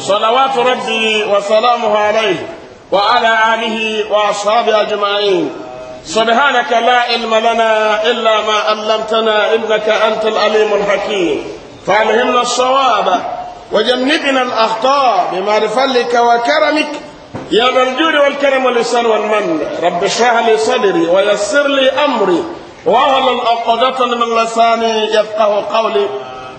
صلوات ربي وسلامه عليه وعلى آله وأصحابه أجمعين سبحانك لا علم لنا إلا ما علمتنا إنك أنت العليم الحكيم فألهمنا الصواب وجنبنا الأخطاء لفلك وكرمك يا ذا الجود والكرم والإحسان والمن رب اشرح لي صدري ويسر لي أمري وأهل الأقدة من لساني يفقه قولي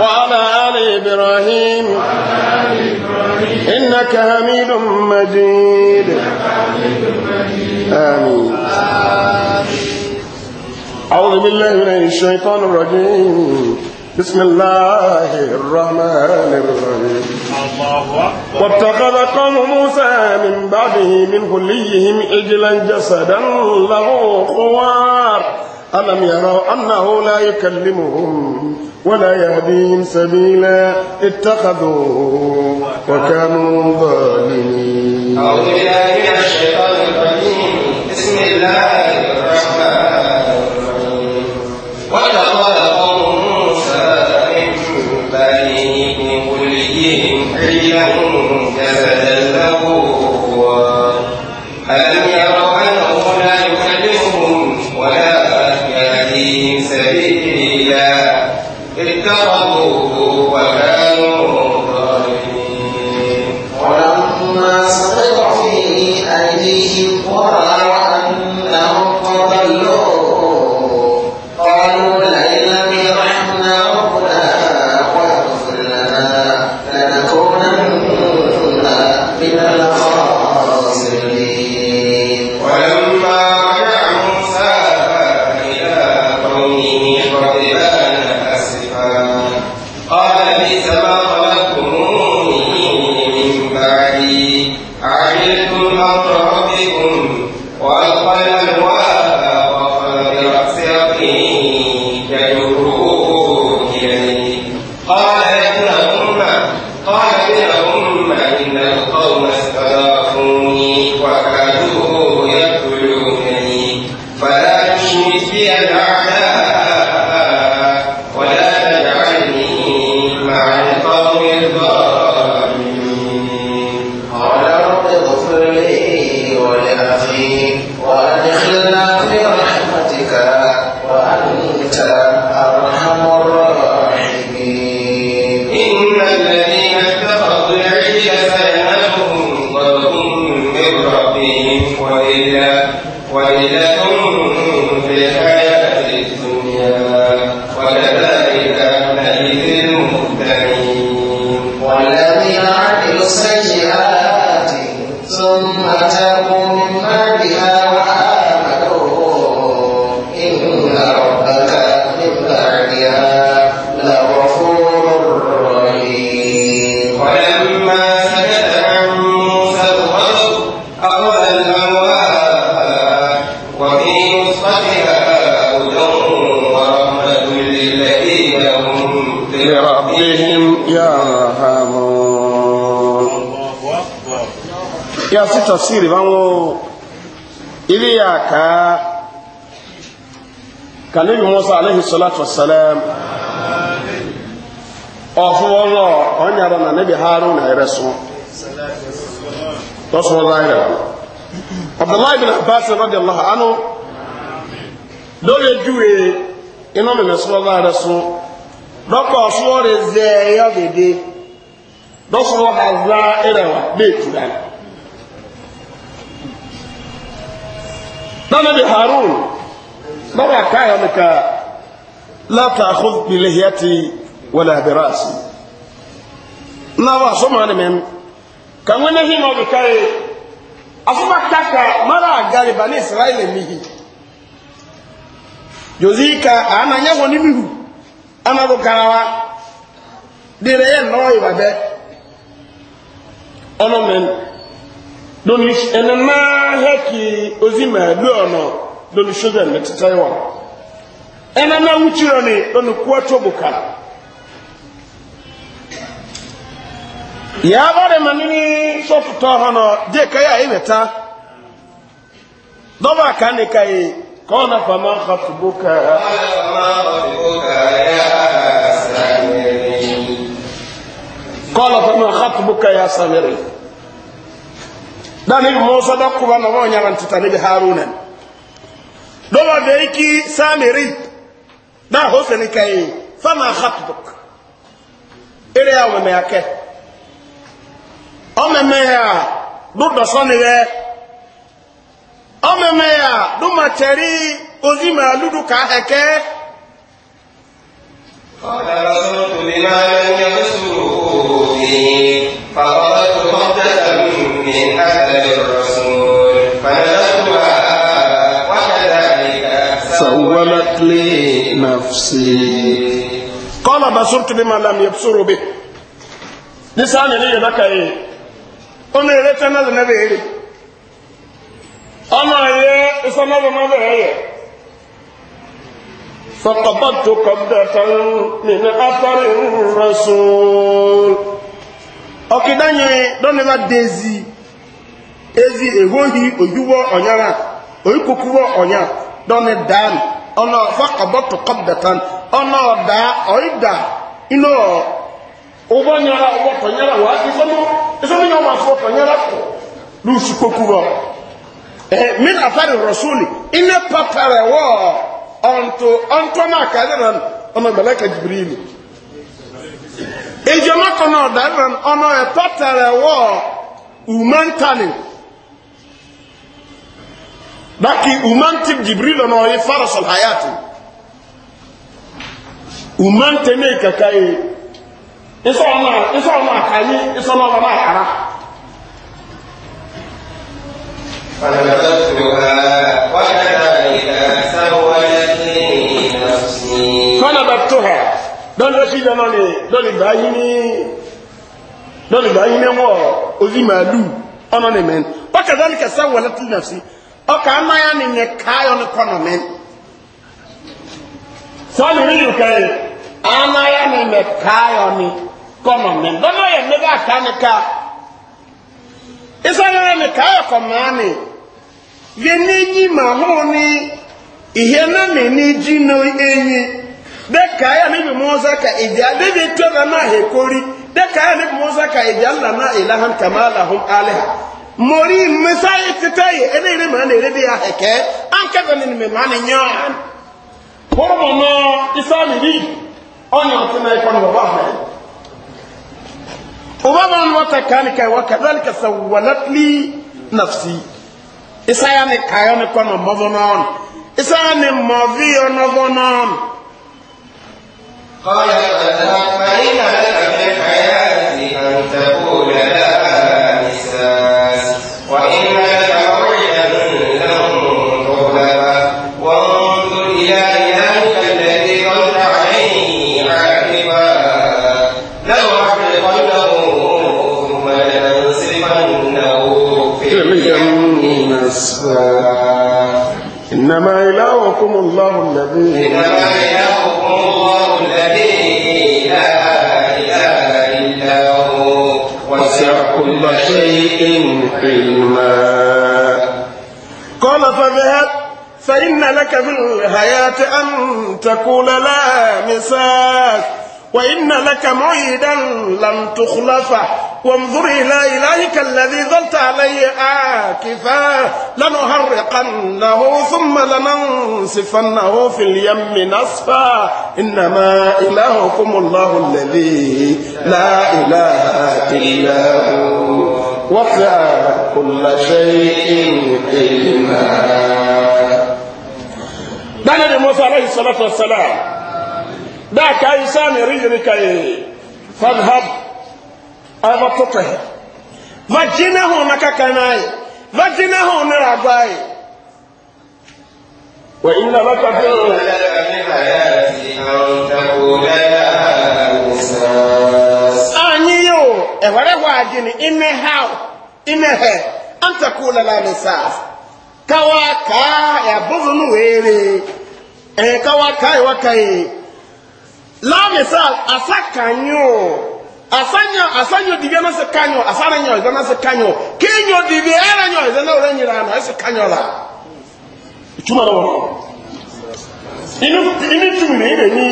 وعلى آل إبراهيم إنك حميد مجيد آمين أعوذ بالله من الشيطان الرجيم بسم الله الرحمن الرحيم واتخذ قوم موسى من بعده من كليهم إجلا جسدا له خوار ألم يروا أنه لا يكلمهم ولا يهديهم سبيلا اتخذوا وكانوا ظالمين أعوذ بالله من الشيطان الرجيم بسم الله الرحمن الرحيم وإذا قال قوم موسى من بنيهم كلهم حيلا كبدا ya si tafsiri bango ili ya ka ka musa alayhi salatu wassalam ọfọwọlọ ọnyara na nabi harun ayẹrẹ so tọsọ láyẹrẹ abdullahi bin abbas radiyallahu anhu lórí juwe iná mímẹ sọlọ láyẹrẹ so dọkọ ọsọ rẹ zẹ ẹyọ dédé dọsọ ọhazá ẹrẹwà bẹẹ tura ni. nana bi harun bára káyọ̀ nìka látà àkóbìlẹ̀ yẹ ti wọlé abẹ́rẹ́ àṣì náwó asọ́mọ́ ni mẹ́rin kàwọn ní hìnnà ọ̀bì káyọ̀ asọ́mọ́ kàkà mara àgáyé bá ní israẹli mihi jòzíkà doni ɛnana hɛki ozima lɔɔ no doni soja ne tetɛ wa ɛnana wukyerɛ ni doni kuwato buka yaaba de ma nini sɔtutɔ hɔ no de ka yi a yi bɛ ta dɔbɔ a kan de ka yi kɔɔ na fama ka tubu ka. kɔɔ na fama ka tubu ka ya samiri. dani musa da kuba na wanya ran tutani bi haruna do wa deiki samiri da hoseni kai fama khatbuk ere ya wa meyake o meme ya do do soni re o meme ya ma materi ozi ma ludu ka heke قال رسول لم يمسه فيه من أثر الرسول فنزلتها وكذلك سولت لي نفسي قال بصرت بما لم يبصروا به لسان لي لك إيه أنا ريتنا النبي أنا إيه إسمع ما بيه فقبضت قبضة من أثر الرسول أكيد أني دون ما دزي ezi ehuohi oyiwo onyara oyikokuwo onya dɔni dan ɔnɔ fakabɔtɔ kɔbdatan ɔnɔ da ɔyida ino ɔbɔ nyara ɔbɔ tɔnyara wa isɔmu isɔmu nyɛ ɔma fɔ tɔnyara kɔ lusi kokuwo ɛɛ eh, min afari rɔsuli ɔnɔ daki umantib jibril ono ye faras al hayati umante ne kakai iso ona iso ona kayi iso ona ona ara fanabatuha don rashi janani don ibrahimi don ibrahimi mo ozi malu ona ne men wakadhalika sawalat nafsi ọkà mmanya ni nye kaayọ ne kọnọmi sọọni mi yìí kẹyì amanya ni nye kaayọ ne kọnọmi dọ́nà yẹ nígbà ká ne ká ìsọyìn rẹ ni kaayọ kọmaani yẹ ní yí hó ni ìhẹ náà mi ka ìjà níbi tó náà náà hẹ kórì dẹ kaayọ ka ìjà ńlá ìlànà kàmáàlà hó ha. mori misai titaye ene ere mana ere de ya heke anke ga ni me mana nya poro mo no isa ni ri onyo ti na ikon wa ba ubaba wa takalika wa kadhalika sawalat li nafsi isa ya ni kayo ni kono mozo non isa ni movi ono vonon قال فما فإن لك في الحياة أن تقول لا أسفا إنما إلهكم الله الذي إنما إلهكم الله الذي لا إله إلا هو وسع كل شيء علما قال فذهب فإن لك في الحياة أن تقول لا مساس وإن لك معيدا لم تخلفه وانظر إلى إلهك الذي ظلت عليه آكفا لنهرقنه ثم لننصفنه في اليم نصفا إنما إلهكم الله الذي لا إله إلا هو وسع كل شيء علما دعنا موسى عليه الصلاة والسلام دعك إنسان رجلك إيه؟ فاذهب abatɔtɔ yɛ magyina ho na kakana yɛ magyina ho na ragba yɛ wa ina baka bi o. anyi yi o ɛwɛrɛ hɔ agye ni ime haw ime hɛ antakuu lala ne saas kawa kaa ɛbozo no weere ɛɛ e kawa kaa ɛwɔ kaa yi laa ne saas asa kanyi o asanya asanyo dibia na se kanyo asana nyo izana se kanyo kenyo dibia era nyo izana ore nyira na se kanyo la chuma na wono inu inu chuma ile ni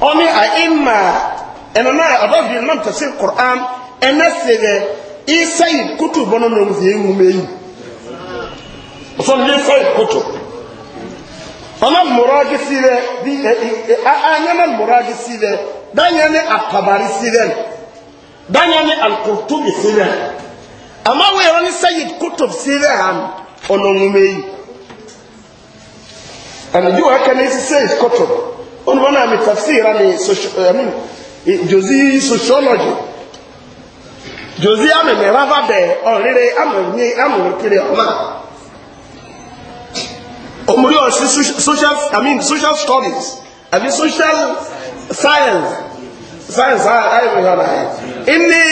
oni aima eno na above the nam tafsir quran ena sege isai kutu bono no mvi ewu meyi so ni sai kutu ana muragi sile bi e, e, e, anyana muragi sile danyane akabari sile danya ne alkurtubi sirɛ ama wɛrɛ ne sayid kutub sirɛ han ɔno nwoma yi ɛna bi wɔ aka ne si sayid kutub ɔno wɔn a mi tafsira ne socio ɛmi jozi sociology jozi amɛmɛ rava bɛ ɔrere amɛmɛ amɛmɛkiri ɔma omuri ɔsi social i mean social studies ɛbi social science science ayi mi hɔ na yɛ. ini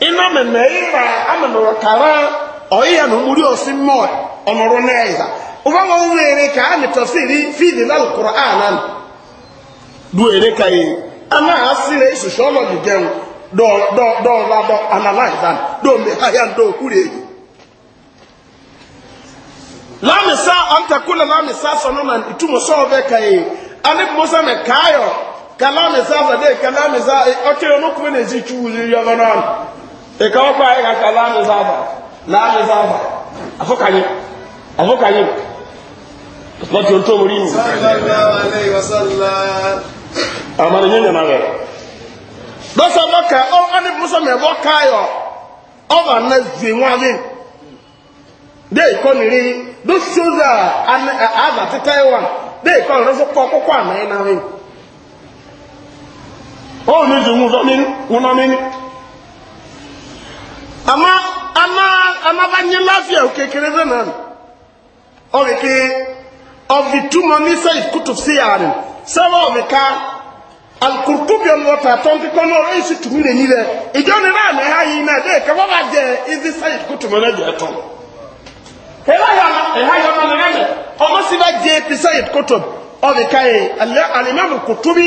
ina memeira amemero kara oyiya no muri osi mo onoro neza uba ngo ere ka a tafsiri fi na qur'anan duere ana asire sociology gen do do do la do analyze an do me haya do kure la so kalami zavade kalami za onukwu na ezi chukwu ziri ọgọ n'ọnụ ga kalami zava lami zava afọkanyị afọkanyị lọtụ ntọ iwu amara nye nyana rẹ lọsọ bọka ọ ọni musa mẹ bọka yọ ọba zi de niri ana wa de ó ní ju wọn ní wọn náà ní. àmọ́ àmọ́ àmọ́ bá nyẹ láfíà òkè kéré fẹ́ náà ọ̀rẹ́ ké ọ̀fi túmọ̀ ní sẹ́yìn kútù sí àárín sẹ́wọ́ ọ̀rẹ́ ká alukurukubi ọlọta tọ́nkíkọ́ náà ọ̀rẹ́ ìsì tùmí lè ní rẹ̀ ìjọ ni náà lè ha yìí náà dẹ́ẹ̀ kẹfọ́ bá jẹ ìdí sẹ́yìn kútù mọ́ náà jẹ ẹ̀tọ́ kutubi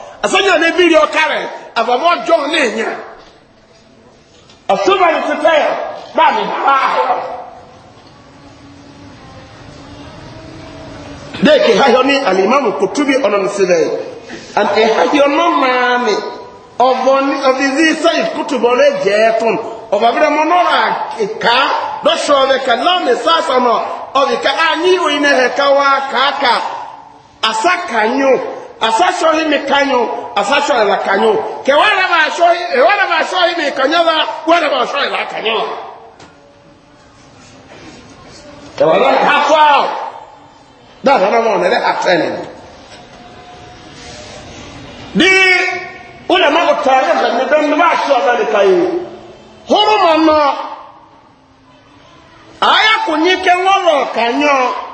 asanya ne biri ɔkare abamɔ jɔn ne nya ɔsoba ne tete yɛ ba ne paa de ke ha yɔ ne alimamu kutubi ɔnɔn sibɛ an ɛha yɔ no maame ɔbɔni ɔbizi sayid kutubɔ ne jɛɛ tun ɔbɛbɛrɛ mo nɔra ka dɔsɔ ɔbɛ ka lɔn ne saasa nɔ ɔbɛ ka a nyi oyin ne hɛ ka wa kaaka asa ka nyo asasɔli mi kanyo asasɔli la kanyo kɛ wala b'a sɔli wala b'a sɔli mi kanyo la wala b'a sɔli la kanyo la wala ha fɔ dada ma ma ɔnɛrɛ atɛ ni bi wula ma ko tɔɔrɔ bɛ ni bɛn b'a sɔ bɛ ni ka ye hɔrɔn ma nɔ a y'a ko nyi kɛ ŋɔlɔ kanyo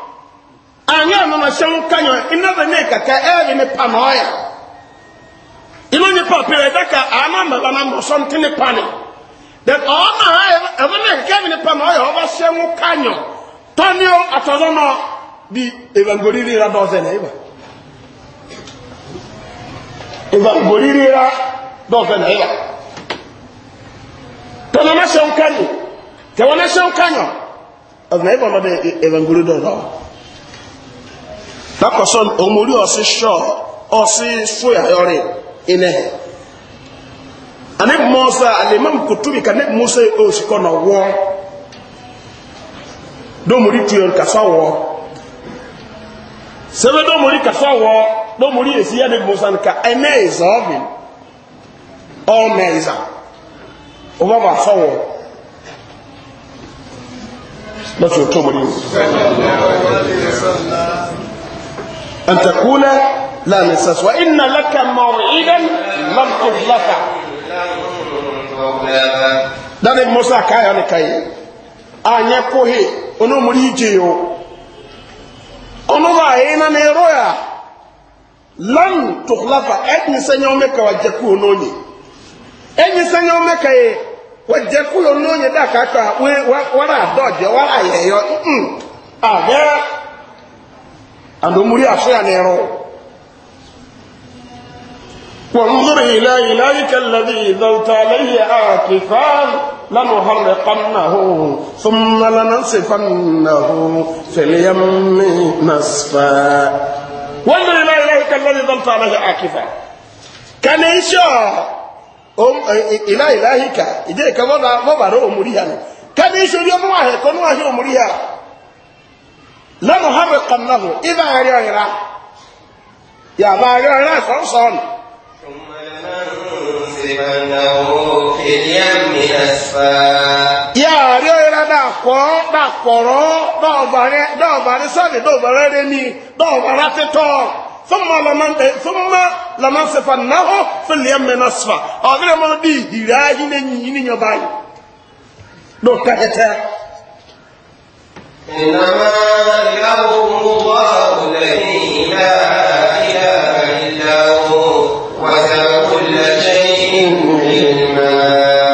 anya nana hyɛn kanyɔ nnaba ne kaka ɛyɛ ne pa na ɔyɛ inu nipa pere daka ama mbaba na mbɔ sɔm ne pa ne then ɔma ha ɛbɛ ne kaka ɛyɛ ne pa na ɔyɛ ɔba hyɛn kanyɔ tɔnio atɔdɔ nɔ bi evangoriri ra dɔɔsɛ na eba evangoriri ra dɔɔsɛ na eba tɔnɔ na hyɛn kanyɔ tɛwɔ na hyɛn kanyɔ ɔbɛn na eba ɔbɛ evangoriri dɔɔsɛ nakɔsɔn omori ɔsi sɔ ɔsi foyayɔri inɛ ane mɔsa alimami kutubi ka ne musa yi osi kɔnɔ wɔ domori tuyɔn kafa wɔ sɛbɛ domori kafa wɔ domori esi ya ne musa ka ɛnɛ izɔɔbi ɔmɛ iza ɔba ba fa wɔ lọsọ tó mọ ní ìwé. أن تكون لا مساس وإن لك موعدا لم تخلفه dani musa kaya ni kai anya kohe ono muri je yo ono ba ina ne roya lan tukhlafa edni sanyo me ka wajaku ono ni enyi sanyo me ka ye wajaku ono ni da ka ka we wara doje wara ye yo mm aga ando muri afia nero وانظر إلى إلهك الذي ذوت عليه عاكفا لنحرقنه ثم لننسفنه في اليم نسفا وانظر إلى إلهك الذي ذوت عليه عاكفا كان يشاء إلى إلهك إذا كان مبارو مريها كان يشاء يوم واحد كان واحد مريها lẹ́nu hàbẹ̀ kọ̀nàhù ibà ẹ̀rí ọ̀yẹ̀rá yàbá ẹ̀rí ọ̀yẹ̀rá ìfọ̀nsọ̀n. yà ẹ̀rí ọ̀yẹ̀rá dàpọ̀ dàpọ̀rọ̀ dọ̀bàrẹ̀ dọ̀bàrẹ̀ sọ́ọ̀dì dọ̀bàrẹ̀ rẹ̀mí dọ̀bàrẹ̀ títọ̀ fúnmọ́ lamọ́ eh, sefa náà fúnlẹ̀ mẹ́nà sọ́fà ọ̀gbẹ́rẹ́ mọ́ bí ìhìrẹ́ ayé ní yìnyín yọba yìí lọ́kàtẹ́tẹ́. إنما إلهكم الله الذي لا إله إلا هو وسع كل شيء علما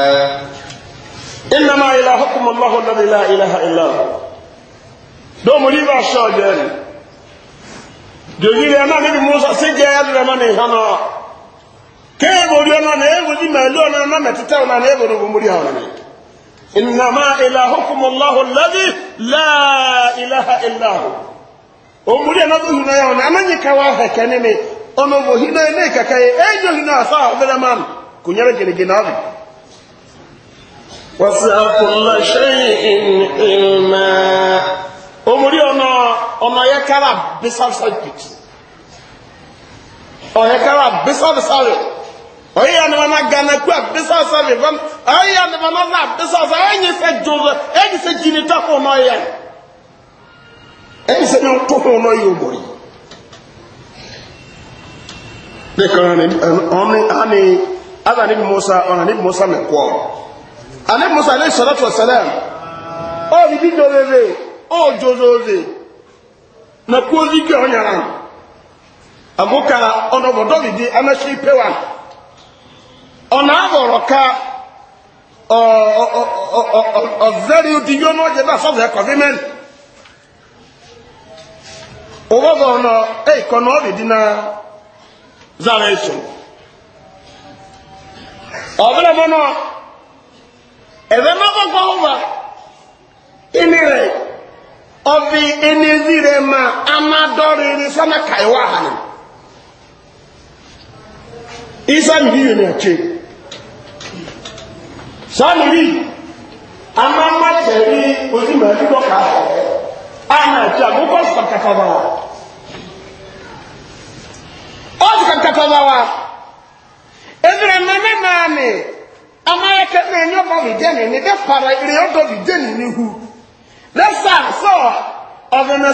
إنما إلهكم الله الذي لا إله إلا هو دوم ليبا شاجر jòyìnrì ẹ̀nà níbi musa síjẹ́ ẹ̀rẹ̀mọ́ ní ìhànà kéèbò rí إنما إلهكم الله الذي لا إله إلا هو أمري أنا ذو هنا يوم أنا نكواه كنمي أنا ذو هنا نيكا كي أجو هنا صاح بلمان كن يرجع لجنابي وسع كل شيء علما أمري أنا أنا يكرا بسال سجد أنا يكرا بسال سجد oyi ya nama na gana ku abisa sa mi oyi ya nama na na abisa sa enyi se jozo enyi se jini ta ko no ya enyi se nyon to ko no yo boy de kan ni oni ani ada ni musa ona ni musa me ko ani musa alayhi salatu wassalam o bi bi do lele o jozo le na ku ozi ke onya amuka ona bodo bi di anashi pewan ọ e, na ká ọ̀vẹ́rí odi yóò mọ́ jẹ́ bá sọ́fẹ́ kọ̀fímẹ́lì owó bọ̀ ọ̀nà ẹ̀kọ́ náà lè dín náà zára èso ọ̀bẹ̀rẹ̀ mọ́ náà ẹ̀rẹ́ mọ́kànkọ́ ọ̀wà ìní rẹ̀ ọ̀fi ezi ma amadọ́rẹ̀ẹ́rẹ́ sánà ịwa hàn ìsàmì yìí yẹn na ọ̀kyẹ́ sọ́ọ̀nì ama àmà má tẹ̀lé onímọ̀ ẹ̀dúgbọ̀ ká àmà àti àgbókò kàkàkàbà wa ó ti kàkàkàbà wa ezra mmemme maami amáyẹkẹ náà na ọba bìjẹni ní dẹ para ìrè ọdọ bìjẹni níhu dẹ sá sọ ọ̀dọ̀nà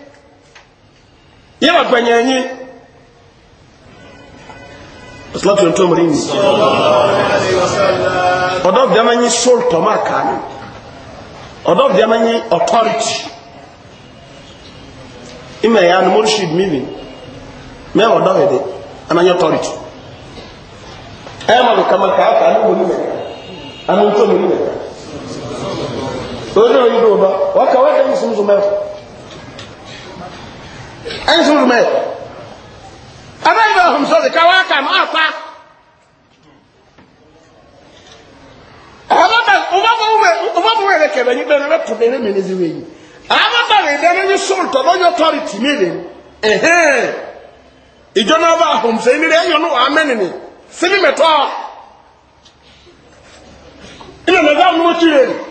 yẹ wà gbẹ̀yìn ẹ̀yìn ọ̀sìláàtì ọ̀tọ́ mọ̀rí ni ọ̀dọ́ bí ẹmẹ́yìn sọ́ọ̀lù tọ́mọ̀ àkàánú ọ̀dọ́ bí ẹmẹ́yìn ọ̀tọ́rìtì ìmẹ̀ ya ni mọ́rìṣìd mímì mẹ́wọ̀ ọ̀dọ́ ẹ̀dẹ́ ẹmẹ́yìn ọ̀tọ́rìtì ẹ̀mọ̀ lùkà mọ̀ káàkà ní mọ̀ nímẹ̀ ẹmọ̀ ọ̀tọ́ mọ̀ nímẹ̀ ẹ̀sùn mẹ́ ẹ̀bẹ́gbẹ̀ ọ̀hún sọ́dì káwákà máa pa ọmọbùnrin rẹ̀ kẹ̀rẹ̀ yí bẹ̀rẹ̀ tó mẹ́rin sí wẹ̀yìn àmọ́bàrẹ̀ ìdẹ́rẹ́ ní sọ́ọ̀tọ̀ lọ́yọ́ tọ́rìtì mẹ́rin ẹ̀hẹ́n ìjọ náà bá ọ̀hún mẹ́rin ni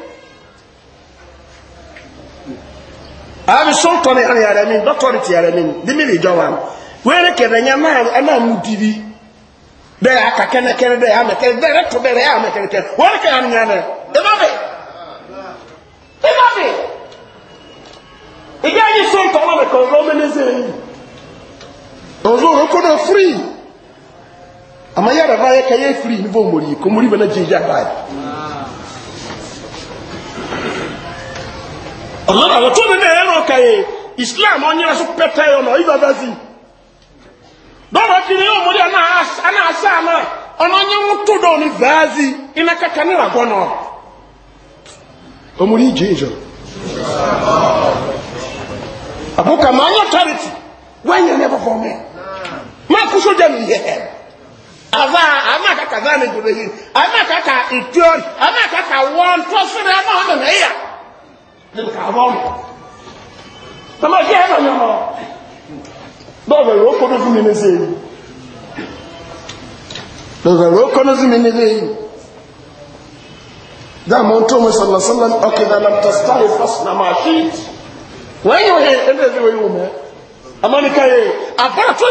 àbí sọ́tọ̀ ní àrẹ yàrá mi dọ́tọ̀rì ti yàrá mi dìmí lè jọ wa wẹ́rẹ́ kẹrẹ yẹn náà mú dìbí bẹ́ẹ̀ aka kẹ́nẹ́kẹ́nẹ́ bẹ́ẹ̀ yà mẹ́kẹ́nẹ́ bẹ́ẹ̀ rẹ̀ tó bẹ́ẹ̀ rẹ̀ yà mẹ́kẹ́nẹ́kẹ́ wẹ́rẹ́ kẹrẹ yẹn náà ẹ bá bẹ̀ ẹ bá bẹ̀ ìgbà yìí sọ́tọ̀ wọn kọ̀ lọ́mẹ́nẹ́sẹ̀ yìí ọ̀zọ́ òrókòdò fúrì àmọ́ yàrá báyẹ kẹyẹ fúrì níbo mòrì kò mòrì bẹ́ẹ̀ náà jẹ́ ìjà báyìí. ọ̀nà àwọn tó nílẹ̀ ẹ̀rọ kẹyẹ islam ọ̀nyẹ́rẹ́ sọ pẹ́tẹ́ ọ̀nà ìgbà bẹ́ẹ̀ sí. dọ́wọ́ kiri yóò mú di ọ̀nà àṣà náà ọ̀nà ọ̀nyẹ́wò tó dọ̀ ní bẹ́ẹ̀sì iná kẹkẹ ní ìràgbọ́n náà. ọmọ yìí ìjọ. àbúkà máa ń yọ tẹ́rìtì wọ́n yẹn ní ẹ̀fọ́ fọ́ mi. máa kú sójà mi yẹ ẹ̀. àbá kàkà ọ̀yọ̀nà lọ́rọ̀ ìwọ́ kọ́nà fún mi níṣẹ́ yìí lọ́rọ̀ ìwọ́ kọ́nà fún mi níṣẹ́ yìí dáàmú tó mú sọ̀lọ̀sọ̀lọ̀ ọkẹ̀dà lọ́tọ̀sítàrí fásitì máa ṣí wọ́n yóò hẹ ẹgbẹ́ ka ìwò mẹ́ amánikayé àbáàtò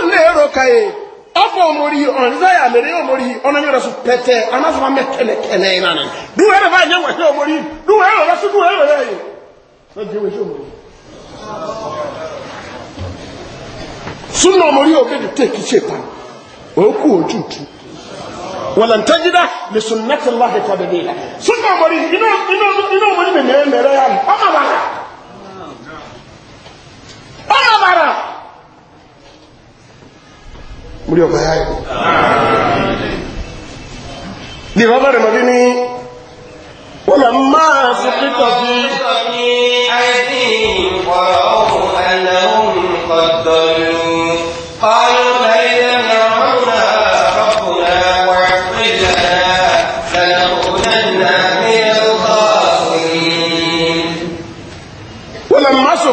omori ọnzaya mere omori ọnanyọrọ so pẹtẹ anasọ ma súnà ọmọrí òbèdè tèkì ṣèpá òkú ojú tu wọ̀lẹ̀ntẹ́jìdá lè sùn nẹ́tì láti tàbí bí ilẹ̀ súnà ọmọrí iná ọmọrí mi mẹ́rẹ́ mẹ́rẹ́ yá mi ọmọ bàrà ọmọ bàrà múrí ọba yá yìí ní ìwọ́n bẹ̀rẹ̀ mọ̀ bí ní wọ́n lè máa fi pítọ̀ sí.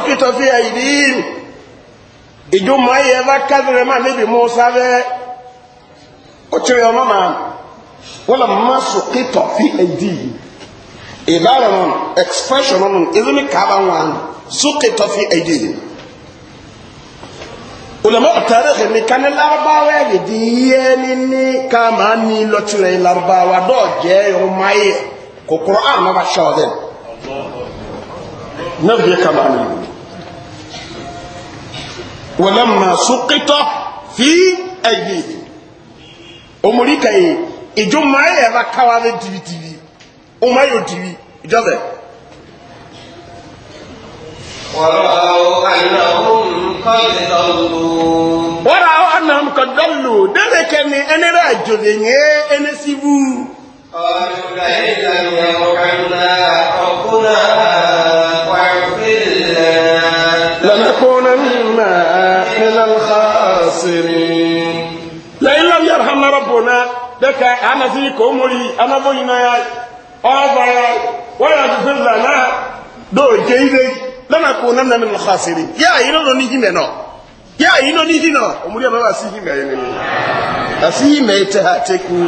سكت في أيديهم إجمع يذكر ما نبي موسى أتري أماما ولما سقط في أيديهم إبارة نون expression نون إذن كابان وان سقط في أيديهم ulama tarihi ni kani larubawa yɛ di yɛni ni kama ni lɔtire larubawa dɔw jɛ yɔrɔma ye ko kur'an ma ba sɔɔ dɛ kama ni. ولما سقط في أيديهم أمريكا إجو ما يبا كوانا تيبي تيبي وما يو تيبي إجازة ورأوا أنهم قد ضلوا ورأوا أنهم قد ضلوا ذلك أنا رأجو ذنيه أنا سيبو قالوا لئن لم يرحمنا ربنا واغفر لنا لنكونن الخاسرين لئن لم يرحمنا ربنا لك أنا فيك أمري أنا بينا أبا ويغفر لنا دو جيدي لنكونن من الخاسرين يا إيرو نيجينا يا إيرو نيجينا أمري أنا أسيهم يا أسيهم يتهاتكو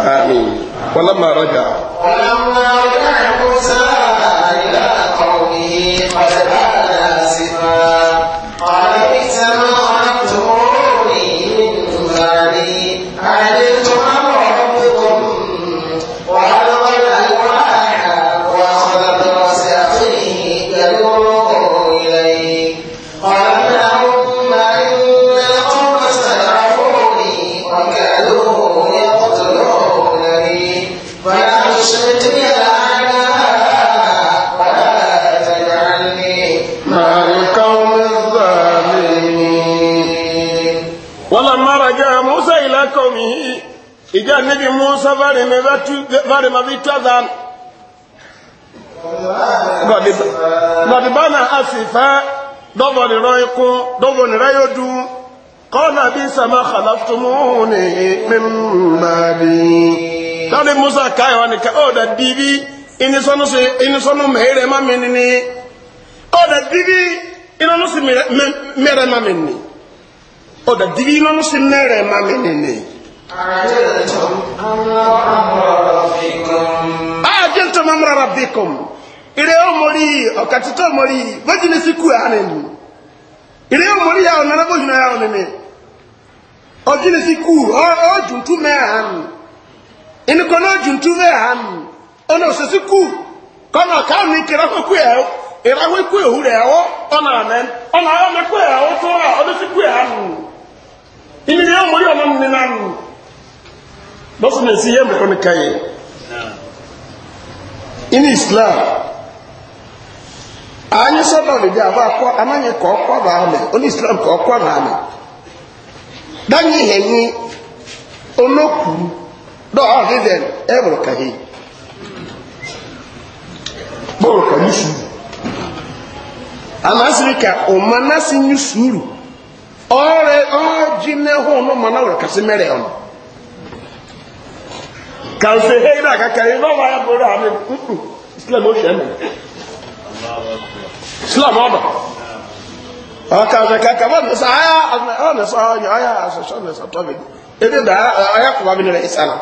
آمين ولما رجع ولما رجع موسى إلى قومه قد كان آسفا قال بئس ما anabi musa varema vitwa dhana gbadibana asifa dɔbɔ ni rɔyiku dɔbɔ ni rayodu kɔna bi sama halaftumu ni mimbaadi. dɔw musa ka wa ni ka o da dibi inisɔnu se inisɔnu mɛrɛ ma mi nini o da dibi inɔnu ma mi nini o da dibi inɔnu ma mi ajantum amra rabbikum ire omori okatito omori bojini siku anenu ire omori ya onara bojina ya onene ojini siku ojuntu me anu ini kono ojuntu me anu ona osesiku kono kanu ikira koku ya irawe ku ehure o. ona amen ona ayo meku ewo tora odesiku anu ini ire omori ona nne nanu lọ́sùn lè sí yẹ́mù kan káyẹ̀ inú islam anyị sọ́dọ̀ lèdè àbá akọ́ amáyẹ kọ́ ọkọ́ bá àmì onú islam kọ́ ọkọ́ bá àmì dáyé anyị olókù dọ́ọ̀ dídẹ̀n ẹ̀rọ kàyé bọ́ọ̀rọ̀ kàyé sùúrù àmà sìrì ka ọ̀ma náà sì ní sùúrù ọ̀rẹ́ ọ̀jì náà hó ọ̀nà ọ̀ma náà rẹ̀ kàsí mẹ́rẹ̀ ọ̀nà. kàwọn ṣe hẹ́ ibà kàkàrí lọ́wọ́ ayábọ̀rọ̀ àmì kúkú islam ó ṣẹ́ mi islam ọ̀dọ̀ ọkà ọ̀sẹ̀ kàkà wọ́n ní sọ ayá ọ̀nà sọ ọ̀yọ̀ ayá àṣẹṣọ́ ní sọ tọ́bi ebi dà ayá kọ̀wá mi nílẹ̀ ìsàlà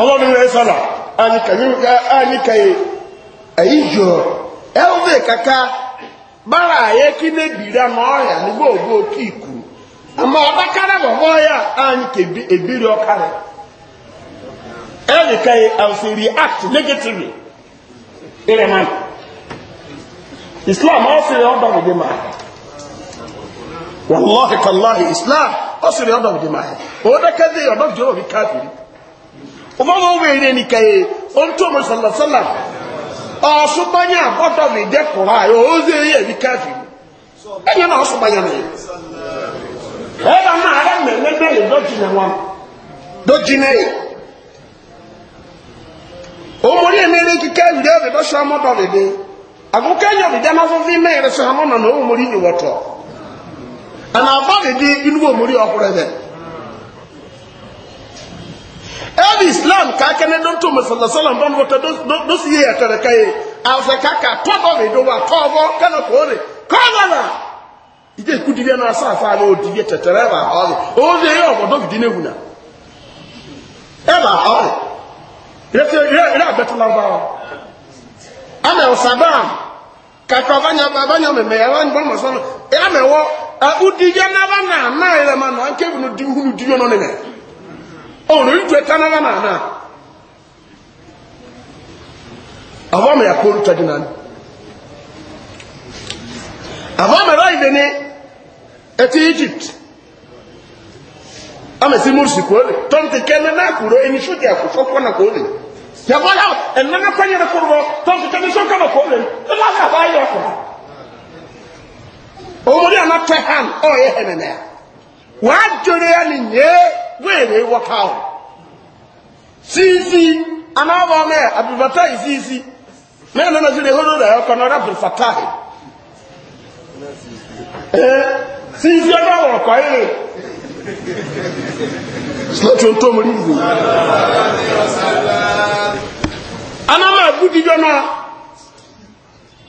ọlọ́run nílẹ̀ ìsàlà àníkàyè àyíjọ ẹ̀wọ̀n kàkà bára ayé kí ní bìrì àmọ́ ọ̀yà nígbà ògbó kí ìkù ma ama ọbakara wọwọ ya anyị ka ebiri ọkara ẹnì kan also react negatively ịrị ma islam ọ sịrị ọdọ gị dị ma wallahi tallahi islam ọ sịrị ọdọ gị dị ma ọ dọkadị ọdọ gị obi kafiri ụfọdụ ụmụ ere nìkan ya o ntụ ọmụ sallasala ọsụgbanye abọdọ gị dekọrọ anyị ozi eyi ebi kafiri ẹnyẹ na ọsụgbanye na ya Ebe ama ayɛ mɛmɛ bɛyɛ dɔgyina wɔn dɔgyina yi omori yɛ mɛmɛ kika ewiri ɛbɛ ebe sɔ ɔmɔ dɔbi bi agogo enyo bi dama fofi mɛyɛrɛ sɔ ɔmɔ na omori yi wɔtɔ omori ọhụrụ ebe. Ebe islam ka ye afɛ kaka tɔ dɔbi do wa tɔ bɔ kana kɔɔre kɔɔre ije kudibia na asa afa na odibia tetere ma ọrụ ozi ihe obodo gidi n'egwu na ema ọrị ire abetụla gbawa ama ọsadam kakọ banya banya meme ya wani bọrọ masọ ya mewo e, udibia na ba na ana ire ma na nke bụ na di n'ụdị dibia nọ n'ime ọ e na oyi tueta na ba na ana ọbọ ma ya kpọrọ tọdị na abọ mẹrọ ibe ni ɛti egypt amesi mursi kuole tonti kɛnɛ na kuro eni sojɛ akɔfɔ kɔna kuole yabɔ yawo na kuro tonti kɛnɛ so kama kuole ɛna ka ba yɛ kɔnɔ omori ana tɛ han ɔyɛ hɛnɛnɛ wàá jore ya ni nyɛ wéèrè wɔka o sisi anáwó mɛ abibata yi sisi mɛ nana si de horo la yɛ kɔnɔ sí ibi ọdún àwọ̀rọ̀ kọ́ yìí sílẹ̀tún tó mú anam anáwọ̀ àgúdíjọ́ náà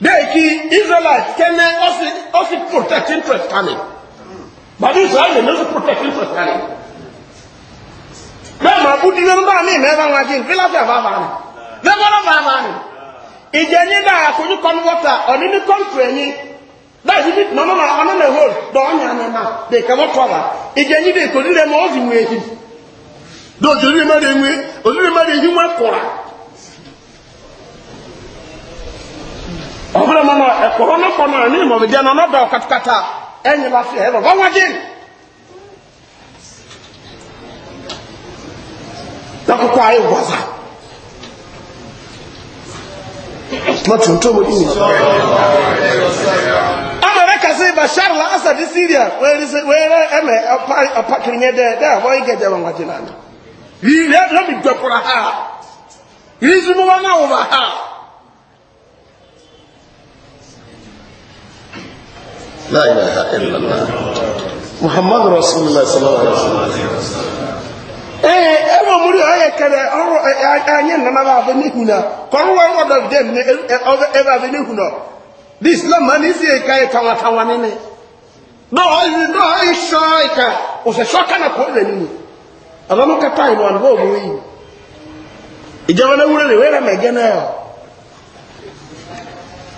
dẹ́ẹ̀kí israelite kẹ́nẹ́ ọ́sì protect interest kánì bàbá israelite ní ọ́sì protect interest kánì bẹ́ẹ̀ mà àgúdíjọ́ náà ní ìmẹ́fà wọn jí fílàfíà bá bá ní lẹ́gbọ́n bá bá ní ìjẹ́ ní dáa kò ní kọ́nùwọ́ta ọ̀ní ní báyìí nọ́nà náà ọ̀nà náà hó dọ̀ọ́nyà náà náà dè kà wọ́n tọ́ba ìjẹ́ dị ka kò nílẹ̀ mọ́ ọ́fì wọ́n èyí dòjò nílẹ̀ má dé wí onílẹ̀ má dé yín wọ́n kọ̀ra. ọ̀bùrọ̀ mọ́nà ẹ̀kọ́rọ́ náà kọ́ náà ní ìmọ̀bí jẹ́ náà dọ̀ katakata ẹ̀yìn láti ohun tó mọ̀ nínú. ama bɛ kase bashar la asa di syria wɛrɛ ɛmɛ ɔpa kiri nyɛ dɛ dɛ abɔ yi gɛdɛ wɔn wajɛ naani ha na ha. لا إله إلا الله محمد رسول الله صلى الله عليه وسلم ee ewe omuri onye kere ọrụ e, e, anyị nnanara abụ n'ihu na kọrụwa ọdọ bide ebe abụ e, n'ihu nọ dị islam ma n'isi eka ịka nwata nwa nene dọọzi dọọzi shọ ịka ụsịsọ na kata ịnụ ọdụ bụ omume na wúlò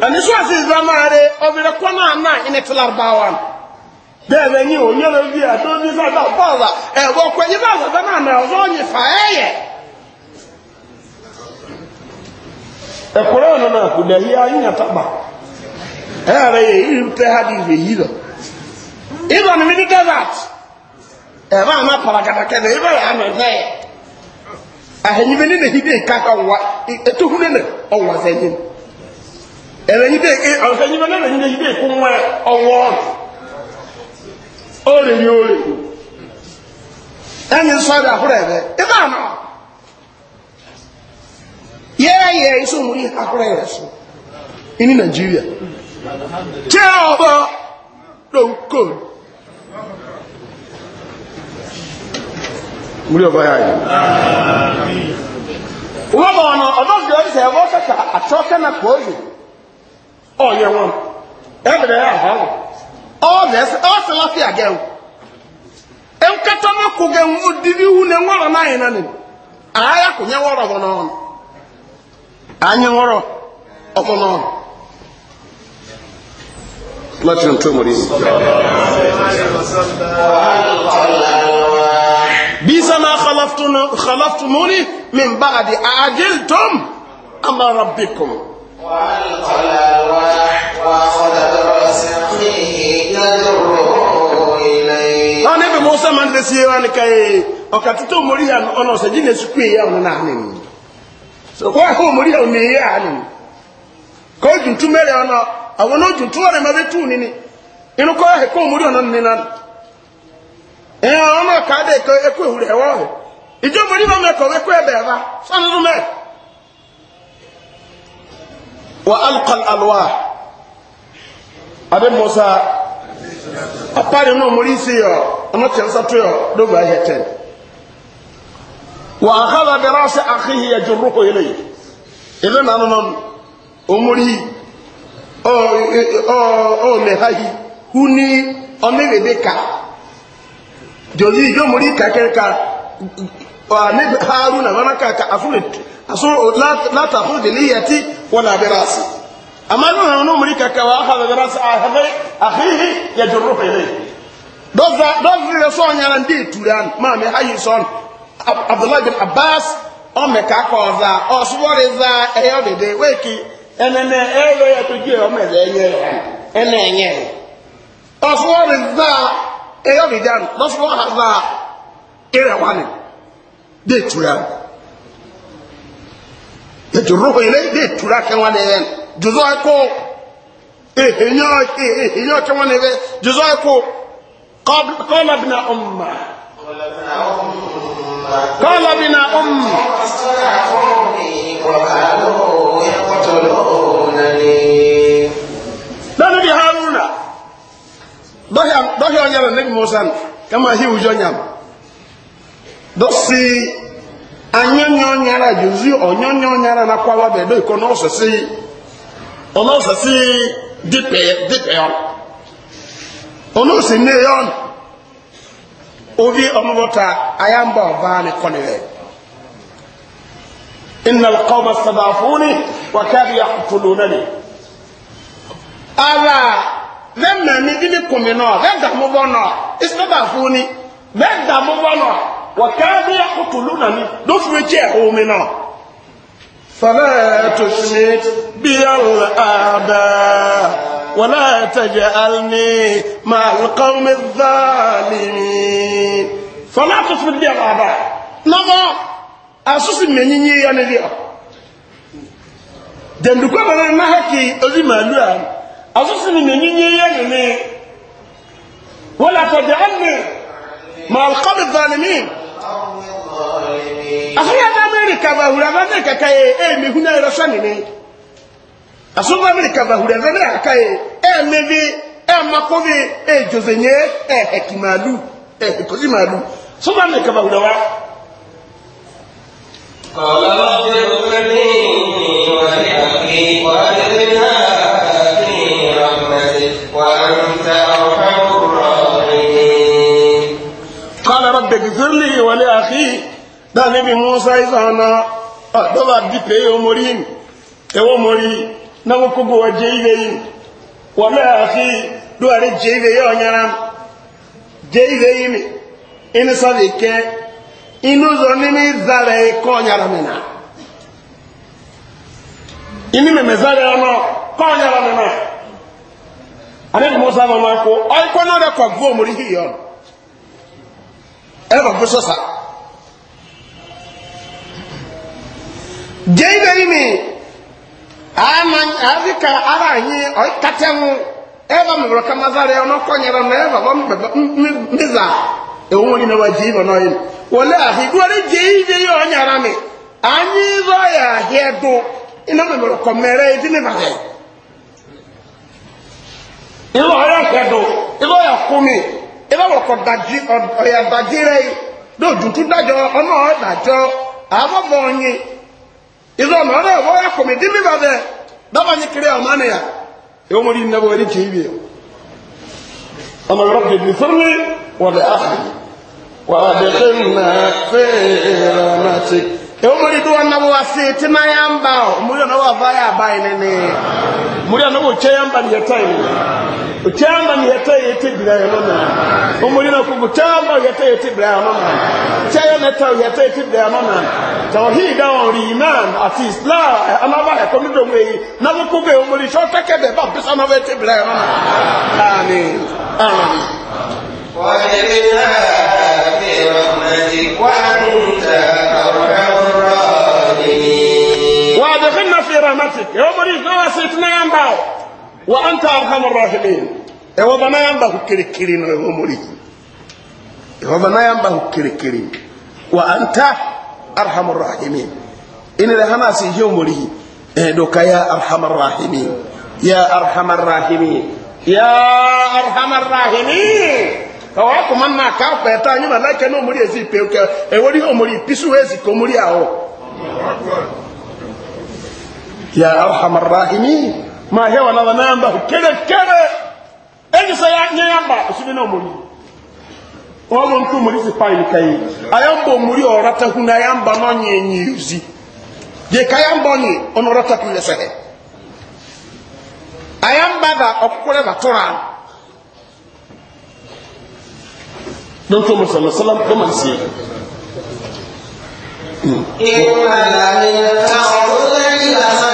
ani uh, eh, so ase zamare ɔbɛrɛ kɔnɔ ana ɛnɛ tilaribawa bɛɛ bɛ nyi o nyɛlɛ bi a dɔw bi sa da bɔɔla ɛ n'a mɛ ɔzɔ nyi fa ɛyɛ ɛkɔrɔ yɛ nana ko yi nyata ba ɛ yɛrɛ ha di yɛ ni mi desert ẹ̀rẹ̀yìn dé ọ̀sẹ̀yìn náà lẹ́yìn dé ìdé ìkún wọn ọwọ́ òrè ni òrè kù ẹ̀yìn sọ́dọ̀ àkúrẹ̀ rẹ̀ ibà náà yẹ́ẹ̀yẹ́ iṣu mú rí àkúrẹ̀ rẹ̀ ní nàìjíríà tí ọ̀bọ lóńkò múlẹ̀ ọba yáà yìí wọ́n bọ̀ ọ̀nà ọ̀dọ́ ìjọ kẹta àtọ́kẹ́ náà ọ̀yẹ̀ wọn ẹ̀bẹ̀rẹ̀ yà hàn ọ̀rẹ́ ọ̀sẹ̀ láfíà gẹ̀ẹ́wò ẹ̀ńkẹ́tọ́ náà kò gẹ̀ẹ́wò òdìrí wù ní iwu na yẹn nánì àáyá kò nyẹ́ wọ́rọ̀ ọ̀bọ̀n ọhụrụ àányẹ́ wọ́rọ̀ ọ̀bọ̀n náà láti ohun tó mọ̀ rí. bisa ma khalaftumuni min ba'di ajiltum amara bikum musa man de sie wa ne kai o ka tuto mori na ono ọ jine ya ono na ni so ko ko mori ya me ya ni ko juntu mere ono awon no juntu ore ma betu ni ni inu ọnụ, he ko mori ono ni na e ono ka de ko e ko hure wo ijo mori ma me ko we ko e be ba so nu وألقى الألواح أبي موسى أباري نو مريسي أنا تنساتو دوبا هيتن وأخذ برأس أخيه يجره إليه إذا أنا نم أمري أو أو أو نهاي هني أمي بديكا جوزي جو مري كاكا أمي هارون أنا كاكا أفلت aso la takhud bi niyyati wala bi rasi amma no no no muri kaka wa akhadha bi rasi akhadha akhihi yajruhu ilayhi doza doza so nyara ndi turan ma me hayi son abdullah bin abbas o oh, me ka ko za o oh, suwori za e eh, oh, yo dede weki enene eh, e eh, yo ya to je o me le ye ene enye o suwori za e yo dede an do suwori za ere wani de turan ètò rúkọ ilé ìdè ìtura kẹwọn lè rẹ jùzọ ẹkọ èèyàn èèyàn kẹwọn lè rẹ jùzọ ẹkọ kọlá bìnà ọmọ kọlá bìnà ọmọ. lọ́nà bí haruna dọ́hìá ọ̀nyẹ́rẹ̀ nígbà mọ́sán kama hiwu nyàm dọ́sí. anyonyonyara yozi onyonyonyara na kwawa bedo iko na osisi ona osisi dipe dipe on ona osi ne yon obi omobota ayamba obane konewe inna alqawma istadafuni wa kadu yaqtulunani ala them na ni dini kumino them da mubono istadafuni them da mubono وكان يقتلونني نفر جهومنا فلا تشمت بي الأعداء ولا تجعلني مع القوم الظالمين فلا تشمت بي الأعداء نما أسوس منيني يعني لي dendukwa mana na haki ozi malu a asusu ni menyinye ya nene wala tajalni ma ahịa na amerịka bahuru amerịka ka ya emehu na eresa nene asụba amerịka bahuru ezere aka ya emebi emakobi ejozenye ehekimalu ehekozimalu sụba amerịka bahuru wa قال رب اغفر لي ولأخي وأدخلنا اغفر لي ولأخي ده نبي موسى إذا أنا أدوى الدبي ومرين ومري نوكب وجيبين ولأخي دوار الجيبين ونرم جيبين إن صديك إنو ظنني ذلك كون يرمنا إني ممزاري أنا كون يرمنا أنا موسى مما يقول أي كون يرمنا كون يرمنا ɛbɔ nkɔ so sa gyei bɛyi mi aman adika ara anyi ɔkata ho ɛbɔ mbɔrɔ kama zare ɔno kɔnyɛrɛ no ɛbɔ bɔ mbɛbɔ mbiza ewu wɔn nyina wa gyei bɔ n'ɔyɛ no wɔlɛ ahi duwɔle gyei gyei ɔnyara mi anyi zɔ yɛ ahiɛ do ina mbɔrɔ kɔmɛrɛ yi di ne ba yɛ ilɔ yɛ hɛ do ilɔ yɛ kumi. ebe wọkọ daji ọya dajire lójútú dájọ ọ̀nà ọ̀dàjọ ọmọ ọ̀yin ìlọ́nà ọ̀nà ẹ̀wọ́ ẹ̀kọ́ mi dín mi bàbẹ̀ bàbá yín kiri ọ̀ma nìyà èwo mo rí iná bọ̀ ẹ̀rí kìí bìí ọmọ ìrọ̀ bèbí fúnmi omuli duwa nabo wasitima yambao omuli ono wavaya abainene omuli anobo ukyeyamba niyetayi ukyeyamba niyetayi yetibira yonona omuli nokugu kyeyamba yetayi yetibira yonona kyeyoneta yetayi yetibira yonona tawhida oli iman ati islam anabaya komido mweyi nabukube omuli shotakede bapisa nabo yetibira yonona amin amin وَاجْعَلْنَا فِي رَحْمَتِكَ وَأَنْتَ برحمتك يا مريض ما وسيتنا ينبع وأنت أرحم الراحمين يا وبنا ينبع كريكرين يا مريض يا وبنا ينبع كريكرين وأنت أرحم الراحمين إن لهنا سيجي مريض دوك يا أرحم الراحمين يا أرحم الراحمين يا أرحم الراحمين ọwọ́ kò máa ń na ká ọ̀pẹ̀ tá a yín bàbá kẹ́ ní òmùrí èsì ìpè òkè ẹ̀wọ́n ní òmùrí ìpísùwẹ̀sì kò múrí àwọn ya arhamar rahimi ma hewa na wanamba kere kere enyi sa ya nyamba osibe na omori omo ntu omori si pa ni kai ayamba omori orata kuna yamba no nyi nyi uzi je kayamba ni onorata kule sehe ayamba da okukure batura don to musallallahu alaihi wasallam kuma si إن الذين تخرجون إلى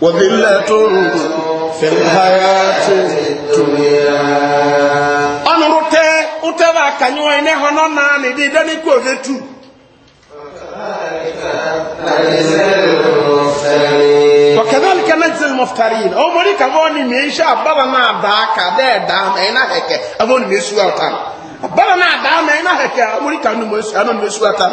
وذلة في الحياة الدنيا أنرته أتبع كنوع نه نانا ندي دني كوزتو وكذلك نجزي المفترين أو مريك أبوني ميشا بابا ما داكا ده دام أنا هيك أبوني ميشوا تام بابا ما دام أنا هيك أمريكا نمشي أنا ميشوا تام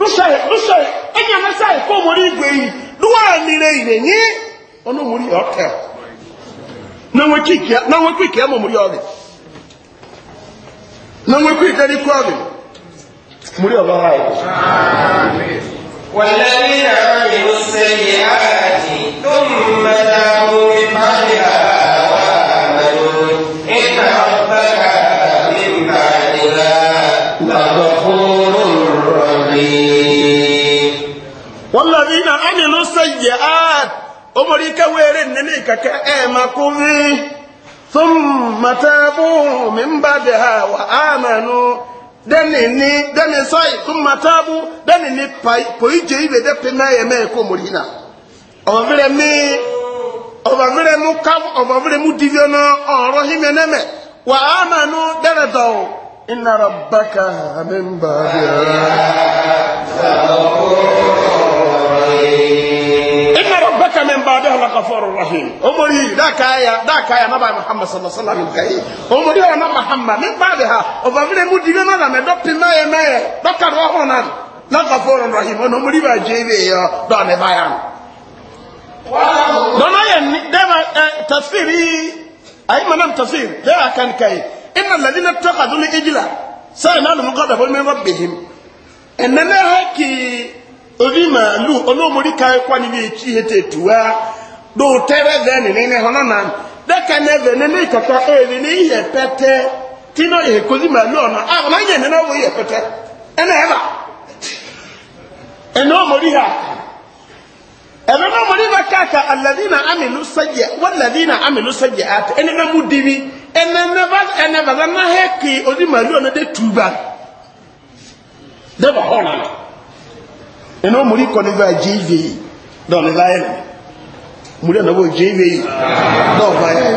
lúṣẹ̀ lúṣẹ̀ ẹ̀yìn amẹ́sà ẹ̀kọ́ mọ́rí ìgbè yìí lúwà nílé ìrẹ̀ ní ọlọ́mọrí ọ̀tẹ̀ náwọn kíkẹ́ ẹmọ mọ́rí ọ̀rẹ̀ náwọn kíkẹ́ ní kú ọ̀rẹ̀ mọ́rí ọ̀rọ̀ sayyi'at umri ka were nene ka ka e makumi thumma tabu min ba'daha wa amanu dani ni dani sai thumma tabu dani ni pai poije ibe de pena ye me ko murina o vire mi o ba vire mu ka o ba mu diviono oro himene me wa amanu dere do inna rabbaka min ba'daha غفور رحيم inna rabbaka min ba'dahu laghafurur rahim umuri daka ya daka ya naba muhammad sallallahu alaihi wasallam kai umuri ya naba muhammad min ba'daha obamre mudire na na medopi na ye na ye doka ro honan laghafurur rahim ono muri ba jebe yo do ne bayan dono ye dema eh, tafsiri ay manam tafsir da kan kai inna alladhina ittakhadhu al-ijla sa'na lahum qadha min rabbihim enna haki orí màálù olóòmórí káyẹ́kọ́ níbi ìtí ètè tùwá ló tẹ́rẹ́ bẹ́ẹ̀ni nínú ẹ̀họ́n náà dẹ́ka nẹ́bẹ̀ nínú ìkọ̀kọ́ èrè ní ìyẹ̀ pẹ́tẹ́ tí náà yẹ na, màálù ọ̀nà àwọn máa ń yẹ nínú ọ̀wọ̀ ìyẹ̀ pẹ́tẹ́ ẹ̀nà ẹ̀bà ẹ̀nà ọ̀mórí ha ẹ̀bẹ̀ náà ọ̀mórí bá káàkà alàdínà àmìlú sẹ́jẹ̀ wọ́n làdínà àmìlú sẹ́jẹ̀ àti ẹni náà mú dibi ẹ̀nà ẹ̀bà náà hẹ́kì orí màálù ọ̀nà dé tùbà dẹ́bà họ́ náà ina muri kɔni bɛ jive dɔɔni la yɛ muri yɛn na b'o jive dɔw ba yɛ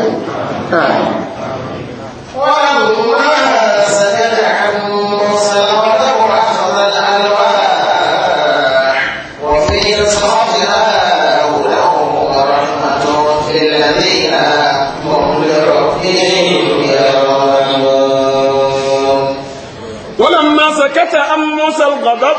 ولما سكت عن موسى الغضب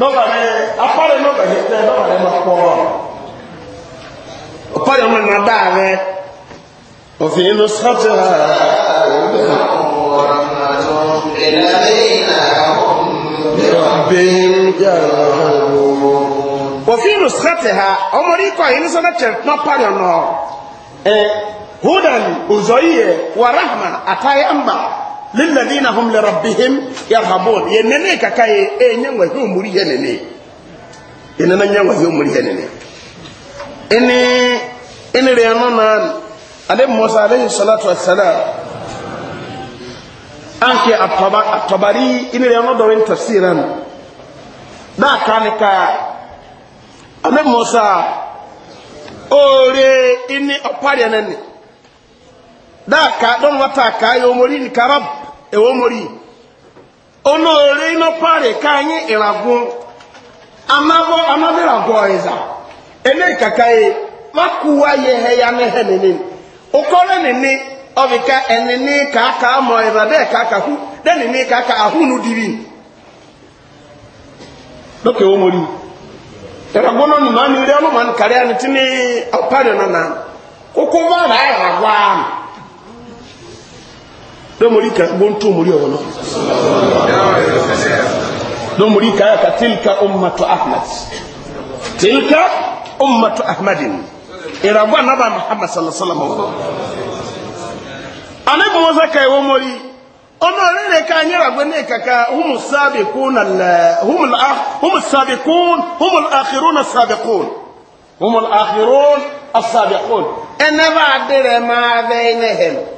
dɔba rɛ apari n'ɔbɛ yi tɛ dɔba rɛ ma kpɔ ɔpari ɔmɛ na da rɛ no inú sọ́tì rà. òfin no sọ́tì ha ọmọdé ikọ̀ yìí ní sọ́tì kyẹ̀ n'ọpari ọ̀nà ẹ̀ húdàn òzọ́ yìí yẹ wà ráhùmà àtàyẹ̀ mbà. للذين هم لربهم يرهبون ينني كاكاي اني وهي مري ينني اننا نيا وهي مري ينني اني اني ريانو نان عليه موسى عليه الصلاه والسلام anke atabari ina ya nodo wen tafsiran da kanika ane musa ore ini opari anani da ka don wata ka yo mori ni karab ewo mori ono ore ino pare ka anyi iragun amabo amabo iragun eza ele kakaye makuwa ye he ya ne he nene okore nene obika enene ka ka mo eba ka aka hu de nene ka ka ahunu dibi doke wo mori iragun ni mani re ono man kare ani tini opare nana kokoba na ra wa domori ka wontu muri ono domori ka ka tilka ummatu ahmad tilka ummatu ahmadin iragwa naba muhammad sallallahu alaihi wasallam anabu wazaka yo mori ono rere ka nyira gwene kaka hum sabiqun hum al hum sabiqun hum al akhirun sabiqun hum al akhirun as sabiqun enaba adere ma bainahum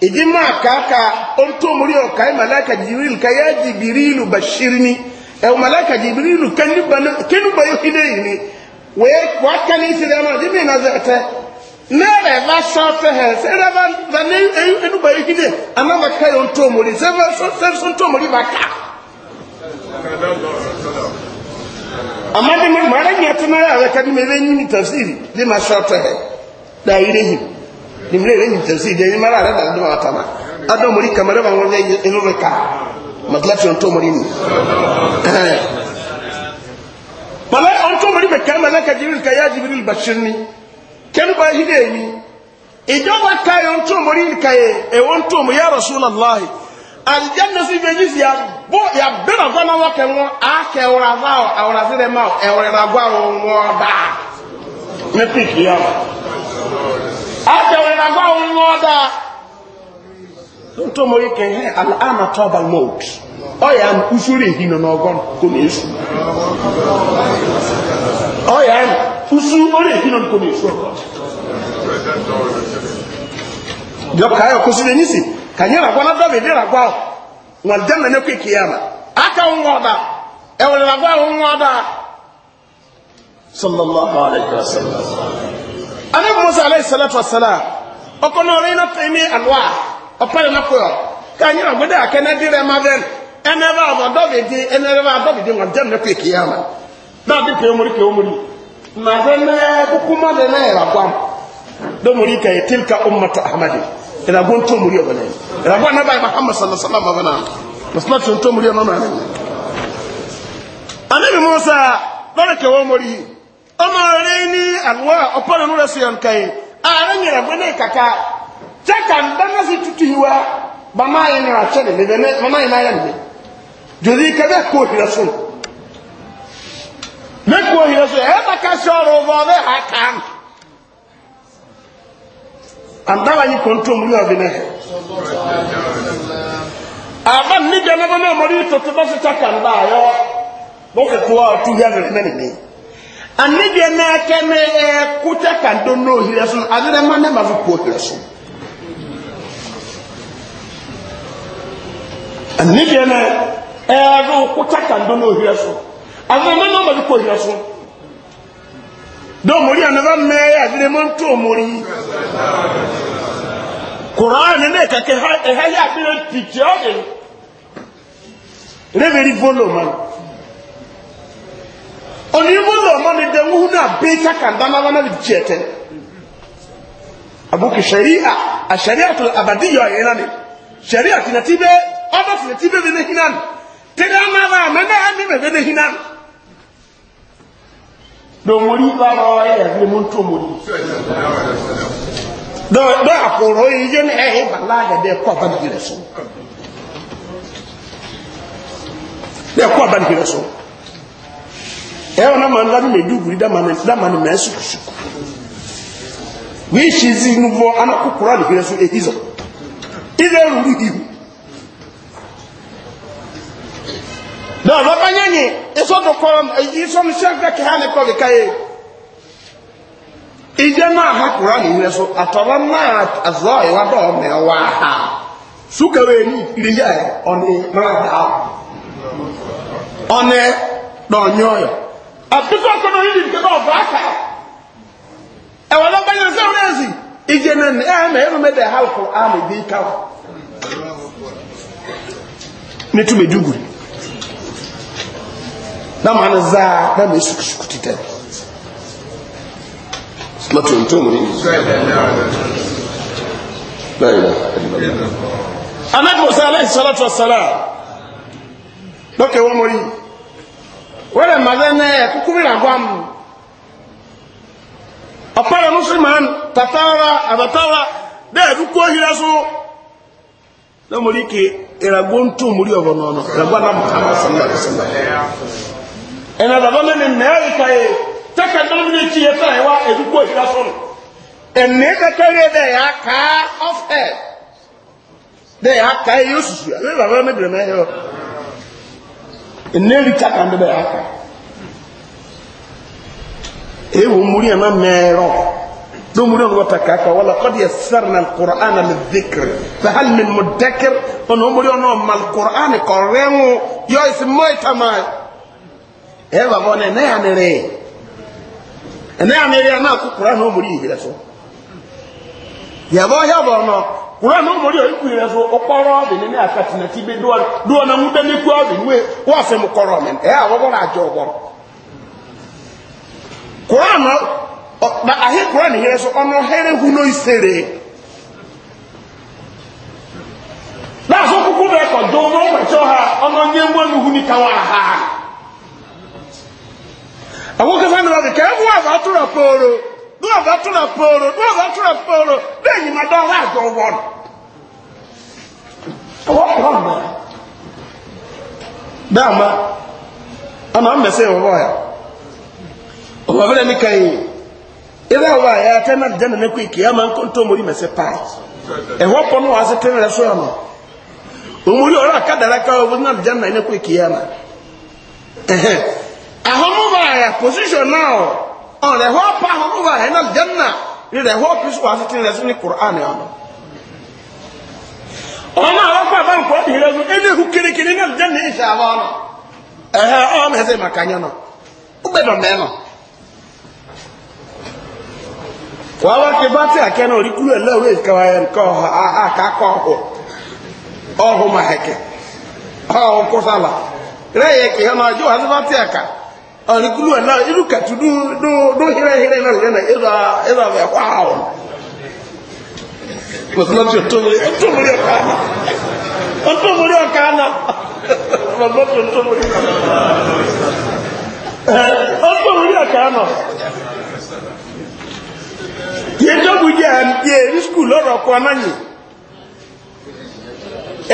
idi ma kaka on to muri o kai e malaka jibril ka ya jibril bashirni e malaka jibril kan ni ban kan ba yide ni we wa kan ni sira ma jibi na zata na re va so fe he se re va va ne e, e nu ba yide ana ba kai on to muri se va so se so to nimre re ni tafsir de ni mara da da mata ma ado muri kamara ba won ne inu re ka matla fi on to muri ni bala on to muri be kama na ka jibril ka ya jibril bashirni ken ba hide mi ijo ba ka on to muri ni ka e on to mu ya rasulullah aljanna si be ji ya bo ya be na gona wa ke won a ke ora va ora de ma e ora na gwa won mo ba me pik ajawere na gwa ohun ọda ntomori kẹhẹ al'ana tọba mold ọya usoro ehi nọ n'ọgọn kò n'esu ọya usoro ehi nọ kò n'esu ọgọn yọ ka ayọ kosiri enyisi ka nye ragwa na dọba ede ragwa nwaljam na nyekwe kiyama aka nwa ọda ewere ragwa ohun ọda sallallahu alaihi wasallam anabi musa alayhi salatu wasalam ọkọ náà ọrẹ náà fẹmi alwa ọpẹ yẹn nàkọ yọ k'anyi na gbẹdẹ akẹnẹ di rẹ ma bẹn ẹnẹ bá ọbọ dọbi di ẹnẹ bá dọbi di wọn jẹm n'ekọ èkìyà ma náà di pè omori pè omori ma dé mẹ kúkú má dé mẹ ẹ̀rọ agbam dọmori kà yẹ tilka ummatu ahmadi ẹ̀rọ agbọn tó omori ọbẹ náà ẹ̀rọ agbọn náà báyìí muhammad sallallahu alayhi wa sallam na. náà mùsùlùmí tó omori ọbẹ náà anabi musa lọ́rọ̀ ke omori yìí ọmọ rẹ ní àlùwà ọpọlọ nínú rẹ sọ yẹn kẹyìn ààrẹ nyẹrẹ gbẹ ní kàkà jẹka ndáná sí tutù yìí wá bàmá yẹn ní àkyẹ ní bẹbẹ ní bàmá yẹn náyẹ nìyẹn jòdì kẹbẹ kó hìrẹ so ne kó hìrẹ so ẹ bá ká sọ ọrọ bọ ọbẹ ha kàn àndáwà yìí kò ń tó mu ní náà àbá nídìí náà mọ ní tòtò bá tó yẹ lẹmẹ anibia n'aka na ɛkuta kando ohiri so adịrị ne na mazụ kwuo ohiri so anibia na ɛru kuta kando ohiri so adịrị na mazụ kwuo ohiri so dɔmori anaba mmea yɛ adịrị koraa na ha ɛha yɛ onirimbolo amani dɛmu hu na beta kandana wana bi jɛtɛ abuki sharia a sharia tol abadi yɔ yɛlɛ ni sharia tinati bɛ ɔba tinati bɛ bɛ ne hinɛ ni tere ama ba mɛ ne ami bɛ bɛ ne hinɛ ni domori ba ma wa yɛ ɛfiri mu nto mori dɔw dɔw akoro yi yɛ ni ɛyɛ bala yɛ dɛ kɔ ba ni yɛrɛ so dɛ kɔ ba ni yɛrɛ so ẹ̀rọ náà máa ń ládùn mẹ́dúgbùrí dámàní mẹ́sùkùsùkù wíì ṣe zí inú bọ́ anákùkùrá nìfẹ́ sún ehizọ̀ ilẹ̀ rúrú ihu náà lọ́pàá yẹn ni ìsọ́dọ̀kọ́ ìsọ́nu ṣẹ́gbẹ́ kí hàn kọ́ kíkáyé ìjẹ́ náà ha kùrá nìfẹ́ sún àtọ̀rọ̀ náà àzọ́ ìwà dọ̀ mẹ́wàá ha súkẹ̀wé ní ìpìlẹ̀ yẹ ọ̀nẹ́ mẹ́wàá ọ̀nẹ́ dọ̀nyọ́yọ̀ àtúntò ọkọ̀nà yìí nìkan náà ọ̀bá ká ẹ̀wọ̀n lọ́gbà yẹn sẹ́wọ́n náà sì ìjẹ náà ní ẹ̀ẹ́mẹ̀ ẹ̀rọ mẹ́ta ẹ̀há ọkọ̀ àmì bí ká wà. ní túbẹ̀ dùgù náà màá ní záà náà mẹ́ sùkùsùkù títẹ̀ lọ́tún tó mú yìí. anábìmọ̀sá aláìsí sọ́lá tó sọ́lá lọ́kẹ̀ wọ́n mọ̀ yìí wẹ́rẹ̀ màdé ní ẹ̀kúkúrú làgbàm ọ̀pára mùsùlùmán tàtàrà àbàtàrà bẹ́ẹ̀ dúkú òhìrẹ́ so lọ́mọdé ke ìràgbó ń tún múrí ọ̀rọ̀ náà ìràgbó àná mùtàmà sàlàsàlà ẹ̀nà bàbá mi ní mẹ́rin káyé tẹ́kẹ̀ tó ní ti yẹ fẹ́ wá ẹ̀dúkú òhìrẹ́ so ẹ̀nì kékeré bẹ́ẹ̀ yà ká ọ̀fẹ́ bẹ́ẹ̀ yà ká yóò eneri kaka ndo bɛ aka ewu muri ama mɛrɔ do muri ɔnu wata kaka wala kɔdi yasarna alqur'ana lidhikr fa hal min mudakir ɔnu muri ɔnu ma alqur'an kɔrɛŋu yɔ isi mɔyi tama ɛba bɔ ne ne ya nere ne ya nere ya na ko qur'an ɔmuri yi yɛrɛ so yabɔ yabɔ nɔ. wúrọ̀ náà mọ̀rí òyìnbó yẹn so ọkọ̀rọ̀ ọ̀dì nínú àkàtìnà tí ibi dúọ̀ náà na mwute kú ọ̀dì níwé wọ́n fẹ́ mu kọ̀rọ̀ mi ẹ̀ na náà àjọ ọ̀bọ̀rọ̀ kúrọ̀ náà ọ̀pá àhí na nìyẹn so ọ̀nà ọ̀hẹ́rẹ́ ma dɔn wa dɔn wɔn wɔn wɔn mɛ bɛɛ ma ama an bɛ se wɔn wɔn ya o ma fɛnɛ mi ka ɲi i b'a wa ya tɛ na dɛmɛ ne ko i kiyama n n mori mɛ se paa ɛwɔ pɔnɔ wa se tɛmɛ so yan nɔ o mori ka dara ka o na dɛmɛ ne ko i kiyama ɛhɛn ahomu b'a ya position naa ɔ ɔ pa ahomu b'a na na. rírẹ̀ hó kristu wá sí ti rẹ̀ sún ní kùránì àná. na àwọn afọ àbá nǹkan ọ̀dùn ìrẹsùn ẹni ihu kirikiri náà jẹ́ ní ìṣe àwọn ọ̀nà ẹ̀hẹ́ ọ̀nà maka anya yẹn nà ó gbẹ̀dọ̀ mẹ́nà. wàá wá ké bátì àkẹ́ náà orí kúrò ẹ̀lẹ́wọ̀ èyí káwá yẹn kọ́ àkàkọ́ ọ̀hún ọ̀hún màhẹ̀kẹ́ ọ̀hún kọ́sálà rẹ̀ yẹ kì í hàn náà ọjọ́ àti àkà. ani kulu na iru katu du do do hira hira na hira na ira ira be wow was not your tongue muri kana to muri kana was not muri kana ye to buje am ye ni school oro ko ananyi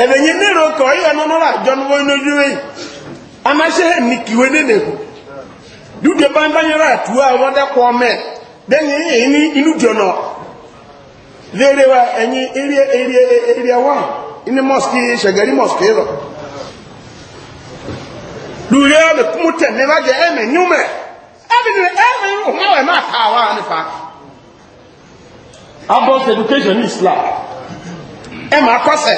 ebenye ne ro ko yo no no ra jo no ama se ni kiwe ne ne dúdú bá ń báyẹ̀rọ àtúwà ọwọ́dẹ́kọ̀ ọmọ ẹ̀ èyí inú jọ̀nà léèrè wa ẹ̀yìn eré eré eré mọ́sùkì ṣẹ̀gẹ̀rí mọ́sùkì rọ̀ lùrẹ́ eme kún tẹ̀ níwájẹ ẹ̀mẹ̀ nyúmẹ̀ ẹ̀mẹ̀ ẹ̀mẹ̀ ọmọ ẹ̀ máa kà wá nípa. adult education islam ẹ̀ máa kọ́sẹ̀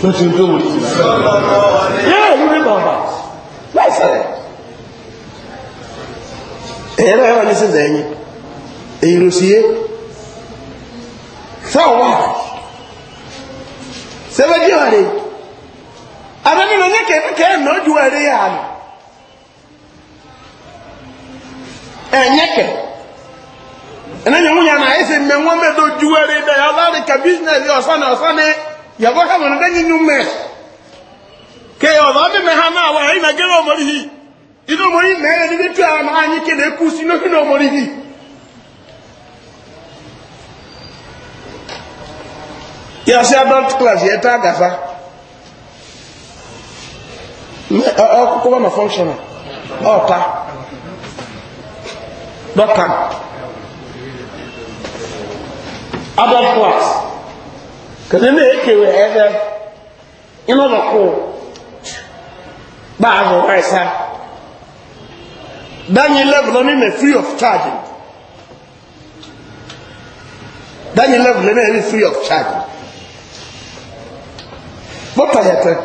tó you ń tó wòlí yẹ́ ìlú rí bàbá listen èyí You yẹ́wà ní sí ẹ̀yìn èyí What sí yé sáwọ́ sẹ́fẹ́jì wà ní àbẹ́mìnà ní kẹ́kẹ́ ẹ̀nà ojú ẹ̀rí yà ní ẹ̀nyẹ́kẹ́ ẹ̀nà yẹ̀wò yà náà ẹ̀sẹ̀ mẹ́wọ́n mẹ́dọ̀ ojú ẹ̀rí bẹ̀yà ọlọ́rin kẹ́ bísínẹ̀sì ọ̀sán ọ̀sán ní yàbọ̀ hẹ́ wọn dẹ́yìn inú mẹ́ kẹ́ ọ̀dọ́ mi mẹ́ ha náà wà ẹ̀yìn nàgẹ́rẹ́ ọmọdé yìí inú ọmọdé mẹ́rẹ̀ níbi tí a máa yín kéde kú sí inú inú ọmọdé yìí. yà sí adult class yẹ tá a gàfa ọkọ bá ma fọ́nkṣọ̀nà ọ̀ta dọ́kà adult class kẹsẹ ní èkéwé ẹfẹ iná bọ kó bá a bọ wáyé sá dányin level ọ ní free of charge dányin level ọ ní na free of charge bọ́tà yàtọ̀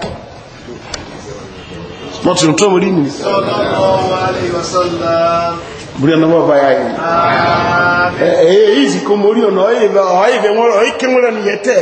wọ́n tún tó mọ̀rí nìí bùrí ọ̀nà wọ́n bá yáyìn èyí ìsìnkú mọ̀rí ọ̀nà ọ̀yẹ̀bẹ̀ wọ́n rọ̀ ọ̀yẹ̀kẹ́ wọ́n rọ̀ nìyẹ̀tẹ̀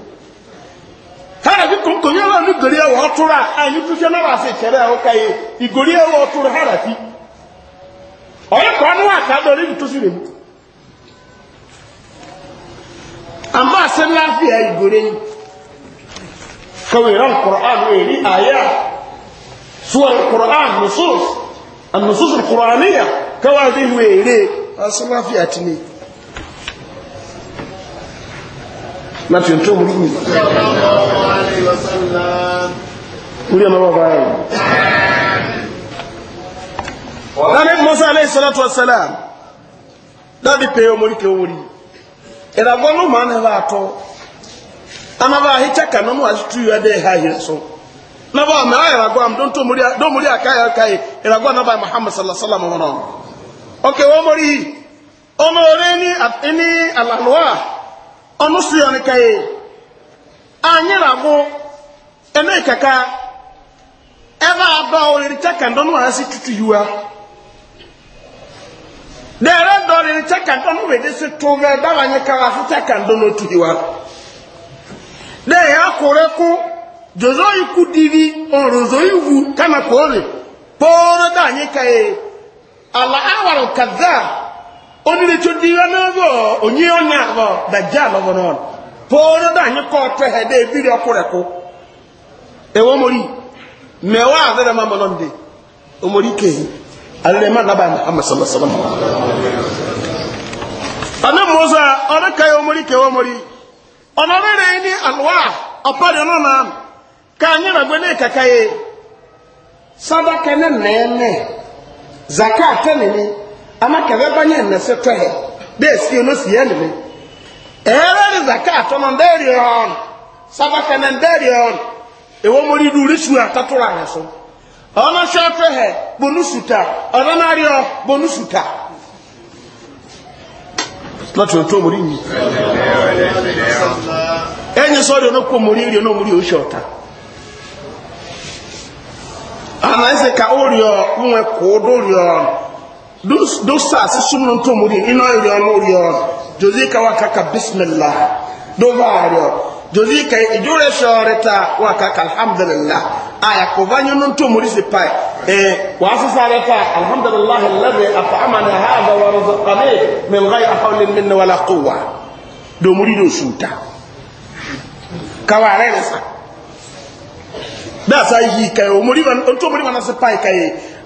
hara ki konko yala ni gori ewa otura anyi tufe na ba se kere o kaye igori ewa otura hara ki oye ko anu aka dori ni tusi re amma se na fi e igori ni kawai ran qur'an ne ni aya suwar qur'an nusus an nusus al qur'aniyya kawai zai were asma fi atini láti tó mú yìí orí ọmọ bàbá rẹ̀ láti mọ́sá aláìsọ́lọ́tọ̀ sẹ́lá dábì pé ọmọ orí kẹwọ́ rí ìràgbọ́ ló máa ń bá tọ́ anábà ahìchá kà nínú àtútù yóò dé ha yẹn so nábà àmì ìràgbọ́ àmì tó mórí àkáyà káyè ìràgbọ́ anábà muhammad sallallahu alaihi wa sallam ọkẹ̀wọ́ mórí ọmọ orí ní àlàlúwà ọnụ si ya nika anyị na-agwụ eme kaka ebe a dọ oriri chaka nwere si arasị tutu yiwa dere dọ oriri chaka ndọ nụ wede si tụ anyị kara ahụ chaka ndọ n'otu yiwa de ya jozo ikwu diri ọrụzọ iwu kama ka ori kpọrọ dọ anyị ka ala awara Kaza. onire tso di ya n'obo onye onye abọ dajà lọbọ n'ọnụ pọọrọ dà anyị kọ ọtọ ha ebe ebiri ọkụ rẹ kụ ewo mori mẹwa adịrị ma mọnọ ndị omori kehi adịrị ma naba na ha masamasama ọnụ m ụzọ a ọnụ ka ya omori kewa omori ọnụ rere ni alụwa ọpadị nọ na ka anyị na gwe na-ekaka ya sadaka ne nne nne zakat ne ne ama banye nɛsɛ tɔhɛ si ono sie yɛ nimi ɛɛrɛ ni zaka atɔnɔ ndɛɛri ɔn sabaka nɛ ndɛɛri ɔn ewo mori risu so ɔno sɛ tɔhɛ bonu suta ɔno nari ɔ bonu suta. láti ọ̀tọ́ mori yìí ẹ̀yìn mori mori dosa asisum no ntom ri ino ri ono ri ono jozi ka waka ka bismillah do vario jozi ka ijure shoreta waka ka alhamdulillah aya ko vanyo no ntom ri se pai eh wa asisare ta alhamdulillah alladhi at'amana hada wa razaqani min ghayri hawlin minna wala quwwa do muri do suta kawarelesa da sai hi kai o muri ban ntom ri ban se pai kai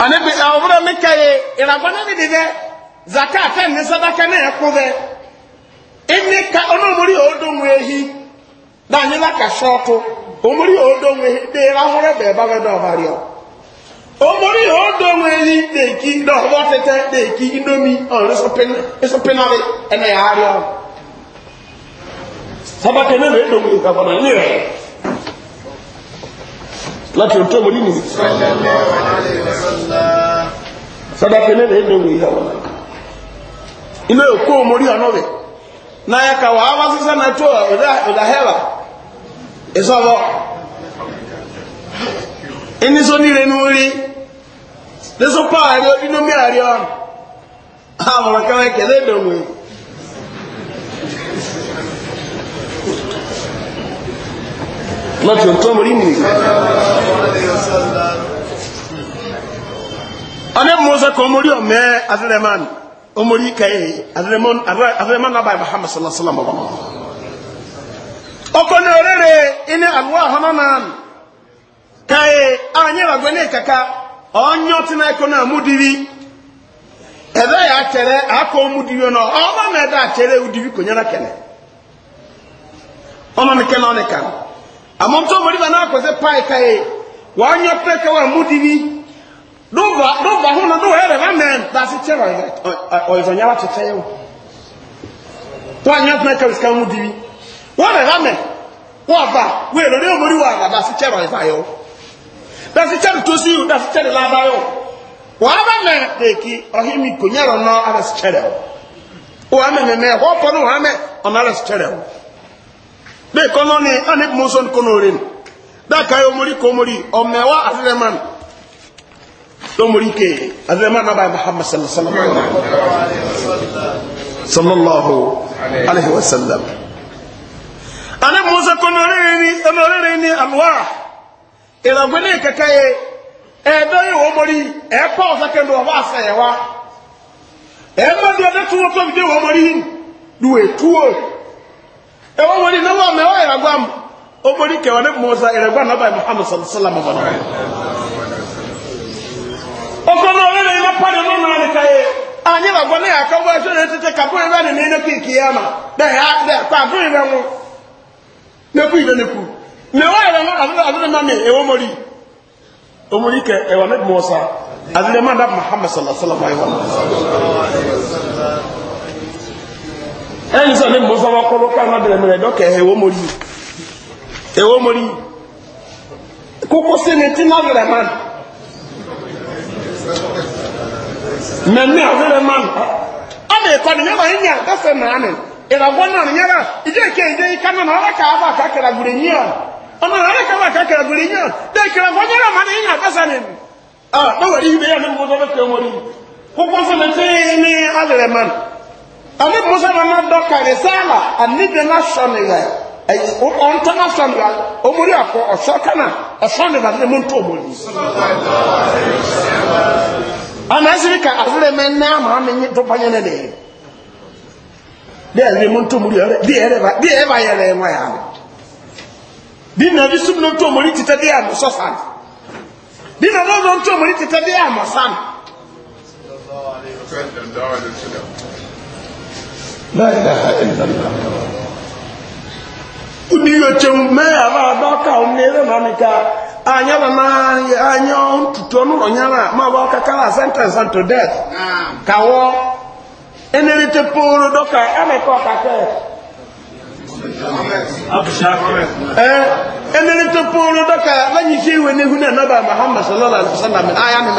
anabi awura eh, mi ka ye ìràgbọ́nà mi di dɛ zaka ata ne sadaka ne ɛko dɛ ɛni ka ɔnumuri odonwu ehi danyela ka sɔɔto omuri odonwu ehi de irahore bɛ dɔbari o omuri odonwu ehi de eki dɔbɔ tɛtɛ de eki indomi ɔn esopinari ɛnɛ na ehi ka láti ohun tó mú nínú sọ́dáfẹ́ lẹ́nà ẹ̀mẹ̀wò ìyàwó ilé òkú omori ọ̀nà rẹ̀ náà ẹ̀ka wà á wá sísá náà tó ọ̀dáhẹ́wà ìsọ́bọ̀ iníso níre ní orí lẹ́sọ́pá àríọ́ inú mi àríọ́ àwọn ọ̀rọ̀ kẹwàá kẹlẹ́ ìdọ̀wọ̀ láti ọ̀tọ́ mọ̀rí nìyí ọ̀nẹ́ mọ́sẹ̀ kọ́ mọ́rí ọ̀mẹ́ adẹ́rẹ́mán ọmọrí kẹ́yẹ adẹ́rẹ́mán nàbàyè muhammad sallallahu alaihi e, wa sallam ọkọ̀ ní orẹ́rẹ́ iná àlùwà hananan kẹ́yẹ anyẹ́wàgbẹ́ ní kàkà ọ̀nyọ́ tí náà kọ́ da konyana amonto mori bana akoze pai kai wanya peke wa mudivi dumba dumba hono do here ba men basi chero oyizonya wa tete yo wanya peke uska mudivi wale ba men wa ba we lo le mori wa basi chero ifa yo basi chero to si basi chero la ba yo wa ho pono wa me onara chero bẹ́ẹ̀ kọ́ náà ni anib muson konorin dáka yóò mórí kó mórí ọmọẹwà adúlẹ̀mán tó mórí ké adúlẹ̀mán náà báyìí muhammad sallallahu alayhi wa sallam. anib muson konorin ni konorin ni alwa ìlàgbẹ́lẹ́ kẹkẹ́ yẹ ẹ̀ẹ́dọ́ yìí wọ́n mórí ẹ̀ẹ́pọ̀ ọ̀sákẹ́ndọ̀ ọba àṣẹyẹwà ẹ̀ẹ́mọ́ni ọdẹ tó wọ́n tóbi ẹwọ́n wọ́n ní níwọ̀n mẹ́wàá ìràgbà omori kẹwàá ní mọ́sá ìràgbà náà báyìí muhammad sallallahu alaihi wa sallam ọkọ̀ náà rẹ̀ iná pàdé nínú náà nìka yẹ ànyí làgbọ́ ní àkọ́wọ́ ẹ̀ṣọ́ rẹ̀ títí kàkúrẹ́ bá nìní ní bẹ́ẹ̀ nẹ́kú nẹ́kú ẹ̀yìn sọ ní mo fọwọ́ kọ́ ló ká wọn bẹ̀rẹ̀ mẹ́rẹ̀ dọ́kẹ̀ ẹ̀wọ́ mori ẹ̀wọ́ mori kókó sí ni tí náà bẹ̀rẹ̀ máa mẹ́mí àbẹ̀rẹ̀ máa ọmọ ìkọ́ ni yẹ́wọ̀ ẹ̀yìn àgbẹ̀fẹ̀ náà ni ìràwọ̀ náà ni yẹ́rà ìdí èké ìdí ìka náà ọ̀rẹ́ ká wà kákẹ́rẹ́ gbèrè yín à ọmọ ọ̀rẹ́ ká wà kákẹ́rẹ́ gbèrè ani musa nana dɔ kari saala ani bena sɔni wɛ ɛyi ɔn tana sɔni wɛ omori akɔ ɔsɔ kana ɔsɔni wɛ ne mu t'o mori. ana siri ka afiri mɛ n'a ma mi dɔ ba ɲɛnɛ de ye de yɛrɛ mu t'o mori yɛrɛ de yɛrɛ ba de yɛrɛ ba yɛrɛ ŋɔ yan bi na bi sumi na t'o mori titɛ de y'a mɔ sɔ san na n'o n'o t'o mori titɛ de y'a mɔ san. la ilaha illallah udiyotemu meya baadaka omnere manika anyaba mari anya ntutu ọnụrọ nyara ma bụ kakara sentence unto death kawo enerite poro dọka emeka ọkaka enerite eh, poro dọka lanyisi iwe na anaba muhammad sallallahu alaihi wasallam aya ni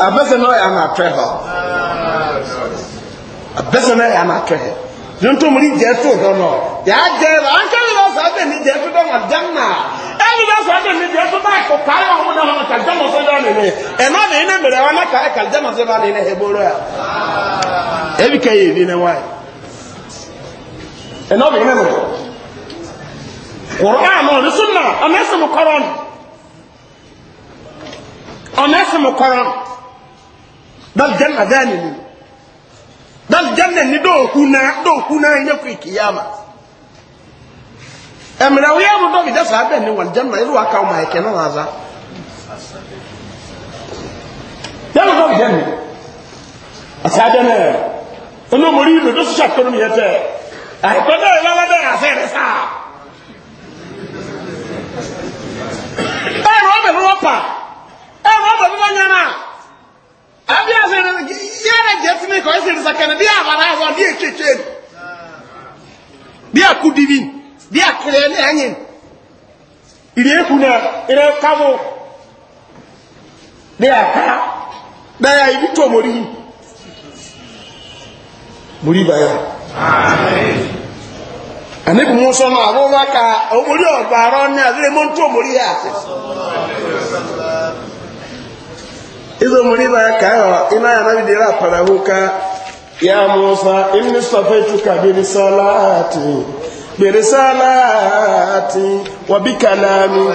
abɛsɛ na ɔyɛ ama na hɔ abese na ɔyɛ ama atwɛ hɛ yontomori jɛ to dɔ nɔ yaa jɛ la ankɛlɛ bɛ sɔ abɛ ni jɛ to ebe ma jam na ɛni bɛ sɔ abɛ to dɔ akɔ kpari na hɔn kalijama sɔ dɔ nini ɛnɔ ni e e ya ebi ka ya ebi ne wa e dal janna dani ni dal janna ni do kuna do kuna nya ku kiyama amra wiya mu do mi da sabe ni wal janna iru aka ma yake na waza dal do janna asabe ne ono mori do do sha ko mi yete ai ko da la la da afere sa ai ro be ro pa ai ro be ro nyana ẹbí ẹsẹ yẹrẹ na ti mi kọ ẹsẹ ẹsẹ kẹne bí abara ẹsọ bí ekeke ni bí akudibi bí akẹrẹ ní ẹnyẹ ìdí eku náà ìdí kábò bí aka bẹẹ ibi tó mori yìí mori báyà anabi musa náà àbúrò náà ka omori ọgbà arọ ní àbúrò mọ mori yà izo muri ba kawa ina ya nabi dira farahuka ya musa inni safaituka bi risalati bi risalati wa bi kalami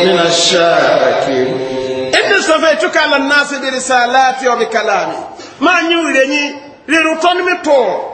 Inni safaituka lannasi bi risalati wa bi kalami ma nyure nyi rirutoni mito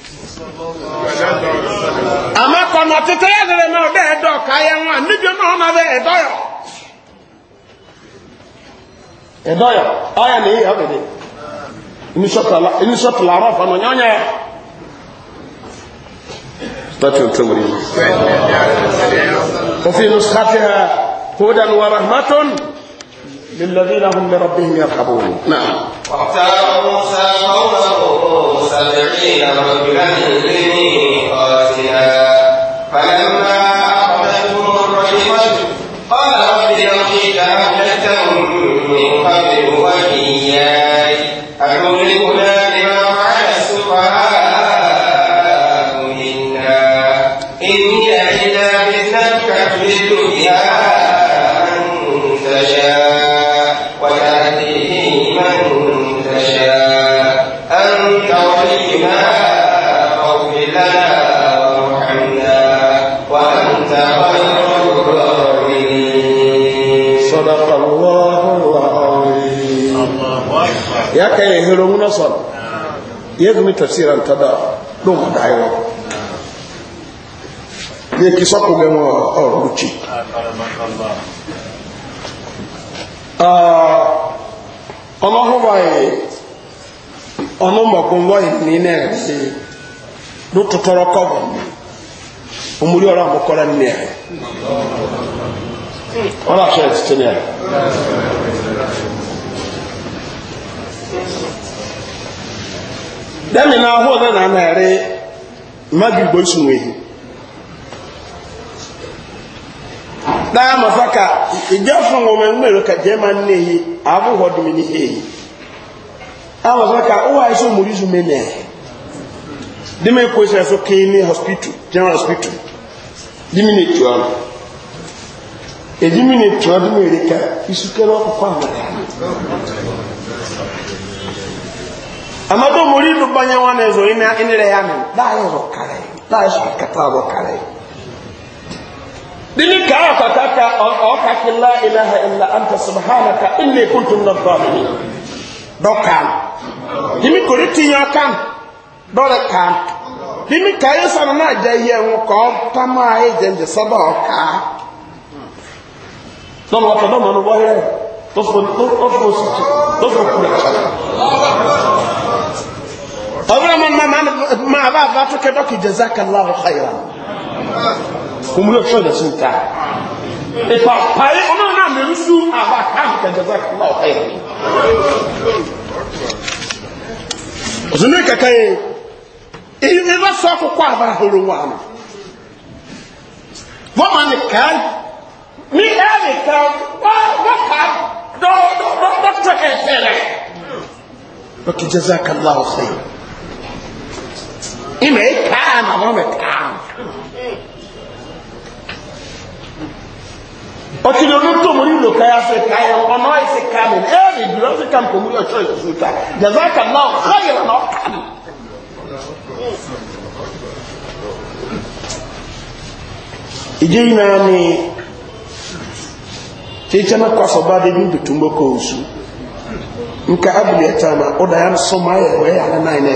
àmọ́ kọ̀nà títí ẹ̀dẹ̀rẹ̀ náà ọ̀dẹ́ ẹ̀dọ́ káyẹ̀ wọn níbi náà ọ̀nà bẹ́ ẹ̀dọ́yọ̀ ẹ̀dọ́yọ̀ ọ̀yà ni yíyà ọ̀gẹ̀dẹ̀ inisọ́tìlá ọ̀rọ̀ fọ̀nà nyọ́nyẹ́ statue tó wọlé òfin nusrati hudan wa rahmatun للذين هم لربهم يرحبون نعم واختار موسى قومه والسابقين وبأهلهم قاتلا فلما أخذتهم الرجفة قال رب لقيت أهلك ka yɛ hero ŋuna sɔrɔ yɛ dumi tafsira nta da n'o ma da yɔrɔ yɛ kisɔ ko bɛ ŋɔ ɔrɔ oh, lu ci. ɔmɔ ah, ho wa ye ɔmɔ mɔkun wa ye ni ne yɛrɛ se do tɔtɔrɔ kɔ bɔ omuli ɔrɔ amukɔrɔ ni ne dami na ahụ na na na mmadụ igbo isu nweghị daa mafa ka ịjafụ nwome mmere ka jee ma nne yi abụghọ dumi n'ihe yi amafa ka ụwa isu mụrụ izu mene m kwesị asọ kee hospital general hospital dimi m etu ahụ edimi na etu ahụ ka isu kere ọkụkọ amara amado muridu banya wane zo ina inire yamin. da ya e zo kare da shi kata go kare dini ka ka ka ka o ka ki la ilaha illa anta subhanaka inni kuntu min adh-dhalimin dokan dini koriti ya kan dole kan dini ka yesa na ja ye won ko tama e jenje saba o ka don wa to don no bo here to fo to fo to fo kula ọ̀rọ̀ ma ma ma bá bá tó kẹ́dọ́kì jazakallahu khairan kò mú yóò ṣọ́dẹ̀ sí ìta ìfà pàí ọmọ náà mẹ́rin sú àbá káàkiri jazakallahu khairan òsì ní kẹkẹ yìí ìyí bá sọ kókó àbá ahoro wà nù wọ́n ma ní ká ní ẹ̀ nìkan wọ́n ká dọ́ọ̀dọ́ọ̀dọ́ Okay, jazakallahu khairan ìmẹ̀ ẹ̀ káà nà wọ́n mẹ̀ káà. ọtí ni olú tó mo ní lò káyà sí káyà ọ̀nà ẹ̀sì káà mi ẹ̀ ẹ̀ dùrọ̀ sí káà mi kò mú yọ ọ̀ṣọ́ ìṣòṣù ta jẹ̀zá kà náà ọ̀háyè lọ́nà ọ̀ká mi. ìjẹ́ yìí náà ni kyekye na kɔ asɔba de bi bitum bɔ kɔ nsu nka abuli ɛta ma ɔda ya nsɔm ayɛ ɔyɛ yɛ anan na yɛ.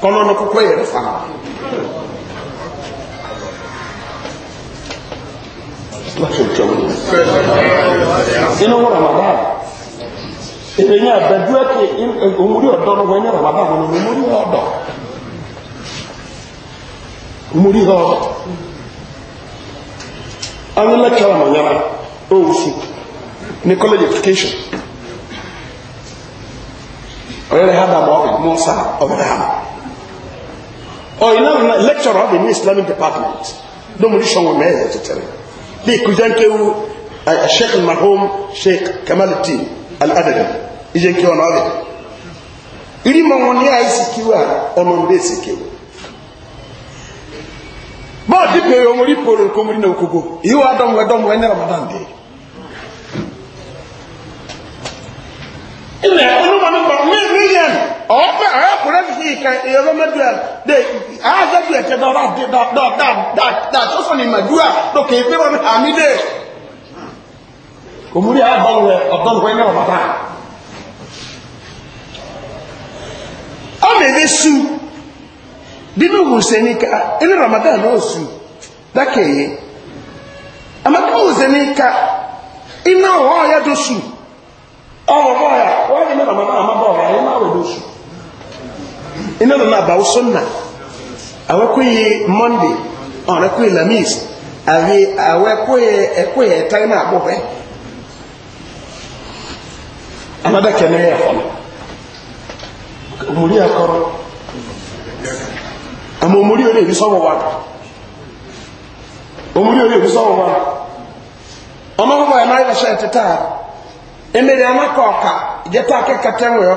kɔnɔ no kɔkɔ yɛrɛ fana inu wo ramadan ebenya abadu ake omuri ɔdɔ no wɔnyɛ ramadan no omuri ɔdɔ omuri ɔdɔ anyina kyɛw no nyara owusu ne college education ɔyɛrɛ ha da ma ɔbɛ mɔ ɔbɛ da or you know lecturer of the new islamic department ló mú ríṣan wọn mẹ́rin tẹ̀tẹ̀rẹ̀ bí ìkújẹ́nkéwu sheikh al-mahom sheikh kamaluddin al-adada ìjẹ́nkéwu ọ̀nà ọ̀dẹ̀ ìrìmọ̀ wọn ní àìsíkíwà ọmọ ń bẹ́ẹ̀ síkíwà bọ́ọ̀ dípẹ̀ ọmọ orí pòrò nǹkan mú nínú òkúgbò ìwọ adọ́mọ̀ ẹdọ́mọ̀ ẹni ramadan dé ilẹ̀ olúmọ̀ nípa mílíọ̀nù ọmọ arákùnrin fi ìka ẹ̀rọ mẹ́dùá dé àádọ́dù ẹ̀tẹ́ dọ́dà sọ́sọ́ ni mẹ́dùá lókè pé wọn àmì dé. òmùrí àbọ̀wọ̀ rẹ̀ ọ̀dọ́nùkọ́ ẹ̀yẹ́ ọ̀bàbà. ọmọ èdè su bínú wùsẹ̀ ní ká ẹni ramadan náà su dákẹ́yẹ amadu wùsẹ̀ ní ká iná ọ̀họ́ ọ̀yẹ́dọ̀ su ọ̀rọ̀ bọ̀ ọ̀yà wọ́n yẹ ní ramadan àmọ́ bọ̀ ọ̀yà iná lọ náà bàwọ́ sọ́nà àwọn kò yẹ monday ọ̀rẹ́ kò yẹ lamis àbí àwọn ẹ̀kọ́ yẹ ẹ̀kọ́ yẹ ẹ̀ta iná àbọ̀ bẹ́ẹ̀ amadakẹ́ ní ẹ̀yà fọ́nà òmùrí ẹ̀kọ́rọ́ àmọ́ òmùrí orí èrí sọ́wọ́ wa òmùrí orí èrí sọ́wọ́ wa ọmọ ọmọ ẹ̀ náà yẹ ṣe ẹ̀tẹ̀ta ẹ̀mẹ̀rẹ̀ anákọ̀ọ̀ka ìjẹ́ta akẹ́kẹ̀ẹ́ tẹ́wọ̀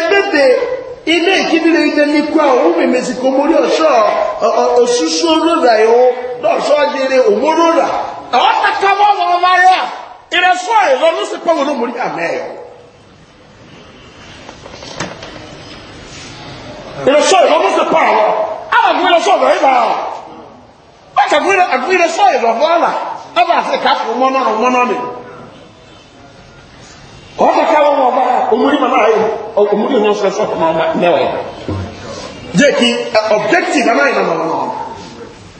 ebebe ilé ìkíbíre ike ní kú àwọn òmìnirí kò mórí ọ̀ṣọ́ òṣùṣù olóòrà yòó lọ́ṣọ́ yẹrẹ òmórórà àwọn kàkà wọ́n wọ́n wá rẹ̀ ìrẹsọ́ ìlọ ló sì pọ̀ wọ́n ló mórí àmẹ́ ẹ̀ ìrẹsọ́ ìlọ ló sì pọ̀ àwọn àwọn ìrẹsọ́ ìlọ ìlọ àwọn ọ àgbẹ̀rẹsọ́ ìlọ fọ́ọ̀là ọba ọ̀tàkà wọn wọn bá omúrí màmá ayé omúrí òní ọ̀sẹ̀ sọ̀tọ̀ náà ọba mẹ́wàá yẹn jẹ́ kí objective ẹ̀ máa yẹn nàmọ̀ nàmọ̀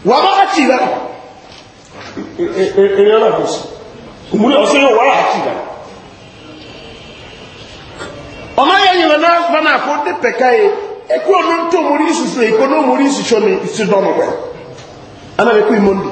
wà á bá kì í rà èrè ọ̀nà àgbọ̀sì omúrí ọ̀sẹ̀ yóò wà á kì í rà ọmọ yẹn yìí lọ́nà bánà kó dé pẹ̀ka yẹ ẹkú ọ̀nà tó omúrí sísè ẹkú ọ̀nà omúrí sísè ọ̀nà ìsìndọ̀mọ̀ pẹ̀ ẹ̀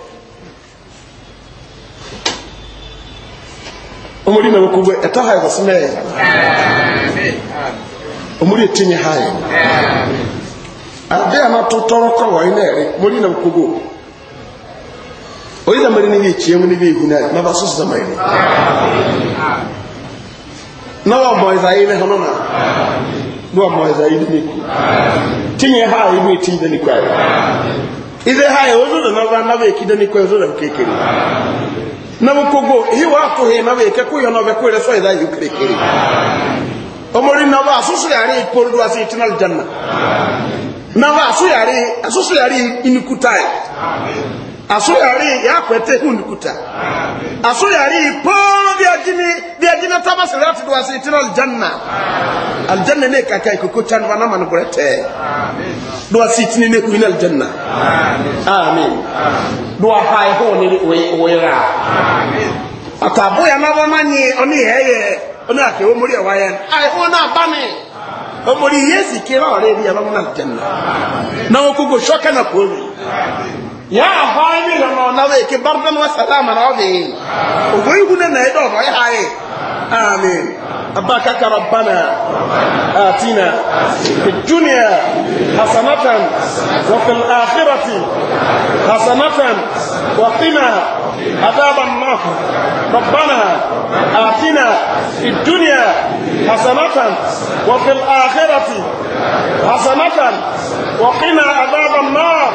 omuri na bukugwe eta hayo basime Omuli etinye hayi. hayo ade ama tutoro ko woinere muli na bukugwe oida mari ni yikiye mu nibihuna mabasusu zamayini nawa moiza ile honona nuwa moiza ile niku tinye hayo ibi e tinye ni kwayo ile hayo ozo na na bekide ni kwayo ozo na kekere namukogo hiwa tuhe nawe ke kuyo no be kwere so ida yukre kere omori na ba susu yari poldu asi eternal janna na ba su yari asusu yari inikutai amen asuyari yakwete hundukuta asuyari po vyajini vyajina tabasirati duwasi itina aljanna aljanna ne kakai kukutan wana manukurete duwasi itini ne kuina aljanna amin duwa hai ho ni wera atabu ya naba mani oni heye oni ake omori ewayen ai ho na bani omori yesi kira ore bi ya bamuna aljanna na okugo shoka na kuori ya ahwa mi lọ nọ na weke bardan wa salama na ọdị ogo ihu na na ịdọ ọrọ ya anyị amin abakaka rabbana atina fi dunya hasanatan wa fil akhirati hasanatan wa qina عذاب النار ربنا آتنا في الدنيا حسنة وفي الآخرة حسنة وقنا عذاب النار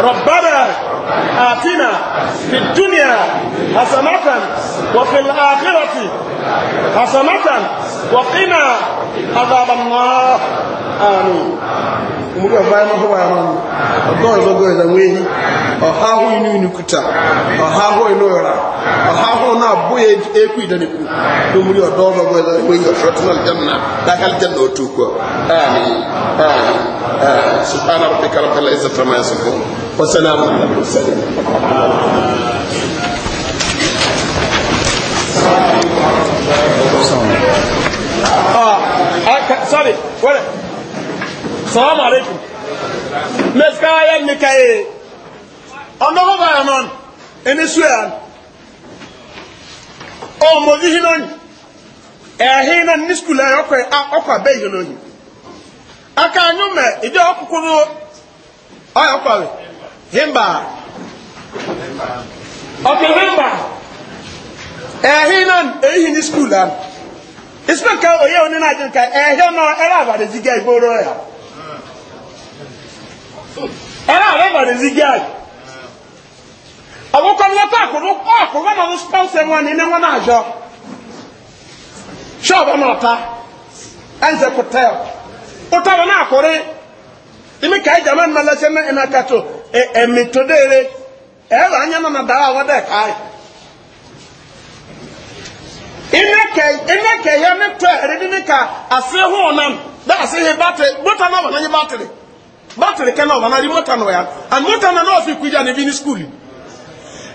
ربنا آتنا في الدنيا حسنة وفي الآخرة حسنة وقنا عذاب النار آمين umugu abaye no hoba yamu odozo goza mwehi ohaho inu inukuta ohaho inora alhaho na boye eku idani ku do muri odo no boye da ko yo shotna aljanna da hal janna otu ko amin amin subhana rabbika rabbil izzati amma yasifun wa salamun alal mursalin ah, ah, sorry wala salamu alaikum meska yan nikaye onogo bayanon eni suyan ọmọdé hin onyi ẹ̀hín na ní skul ẹ̀ ọkọ̀ abẹ́ yìí lónìí aka anyụ mẹ ịdị ọkụkụrụ ọya ọkwarị himba ọkụ himba ẹ̀hín na èyí ní skul ahụ ìsìnkà ka òye òní náà jẹ nǹkan na náà ẹ̀rọ àbàdì zigá ìgboro ya ẹ̀rọ àbàdì zigá ìgboro àwọn kan wọ́n tán àkùrú àkùrú wọn náà sponsor wọn ní ní wọn náà yọ ṣọ́ọ̀bù ọmọ ọ̀tá ẹnzẹ kòtẹ́l kòtẹ́l wọn náà kórè ìmí káyé jama ní malẹ́sẹ̀ ní ẹ̀nà kàtó ẹ̀mí tó déere náà nà yẹ ní tọ́ ní bátìrì bóta náà wọ̀ náà yẹ bátìrì bátìrì kẹ́ náà wọ̀ náà mọ́tà náà yà and mọ́tà náà náà fi kú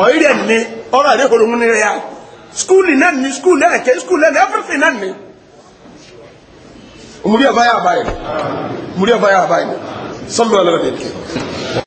ọ̀rẹ́ ni ọ̀rọ̀ àdéhùn òun ni rẹ̀ yá skúlì náà ni skúlì náà kẹ́ skúlì náà everything náà ni. Muri ọba yà báyìí. Muri ọba yà báyìí. Sọ́mi ọlọ́dẹ.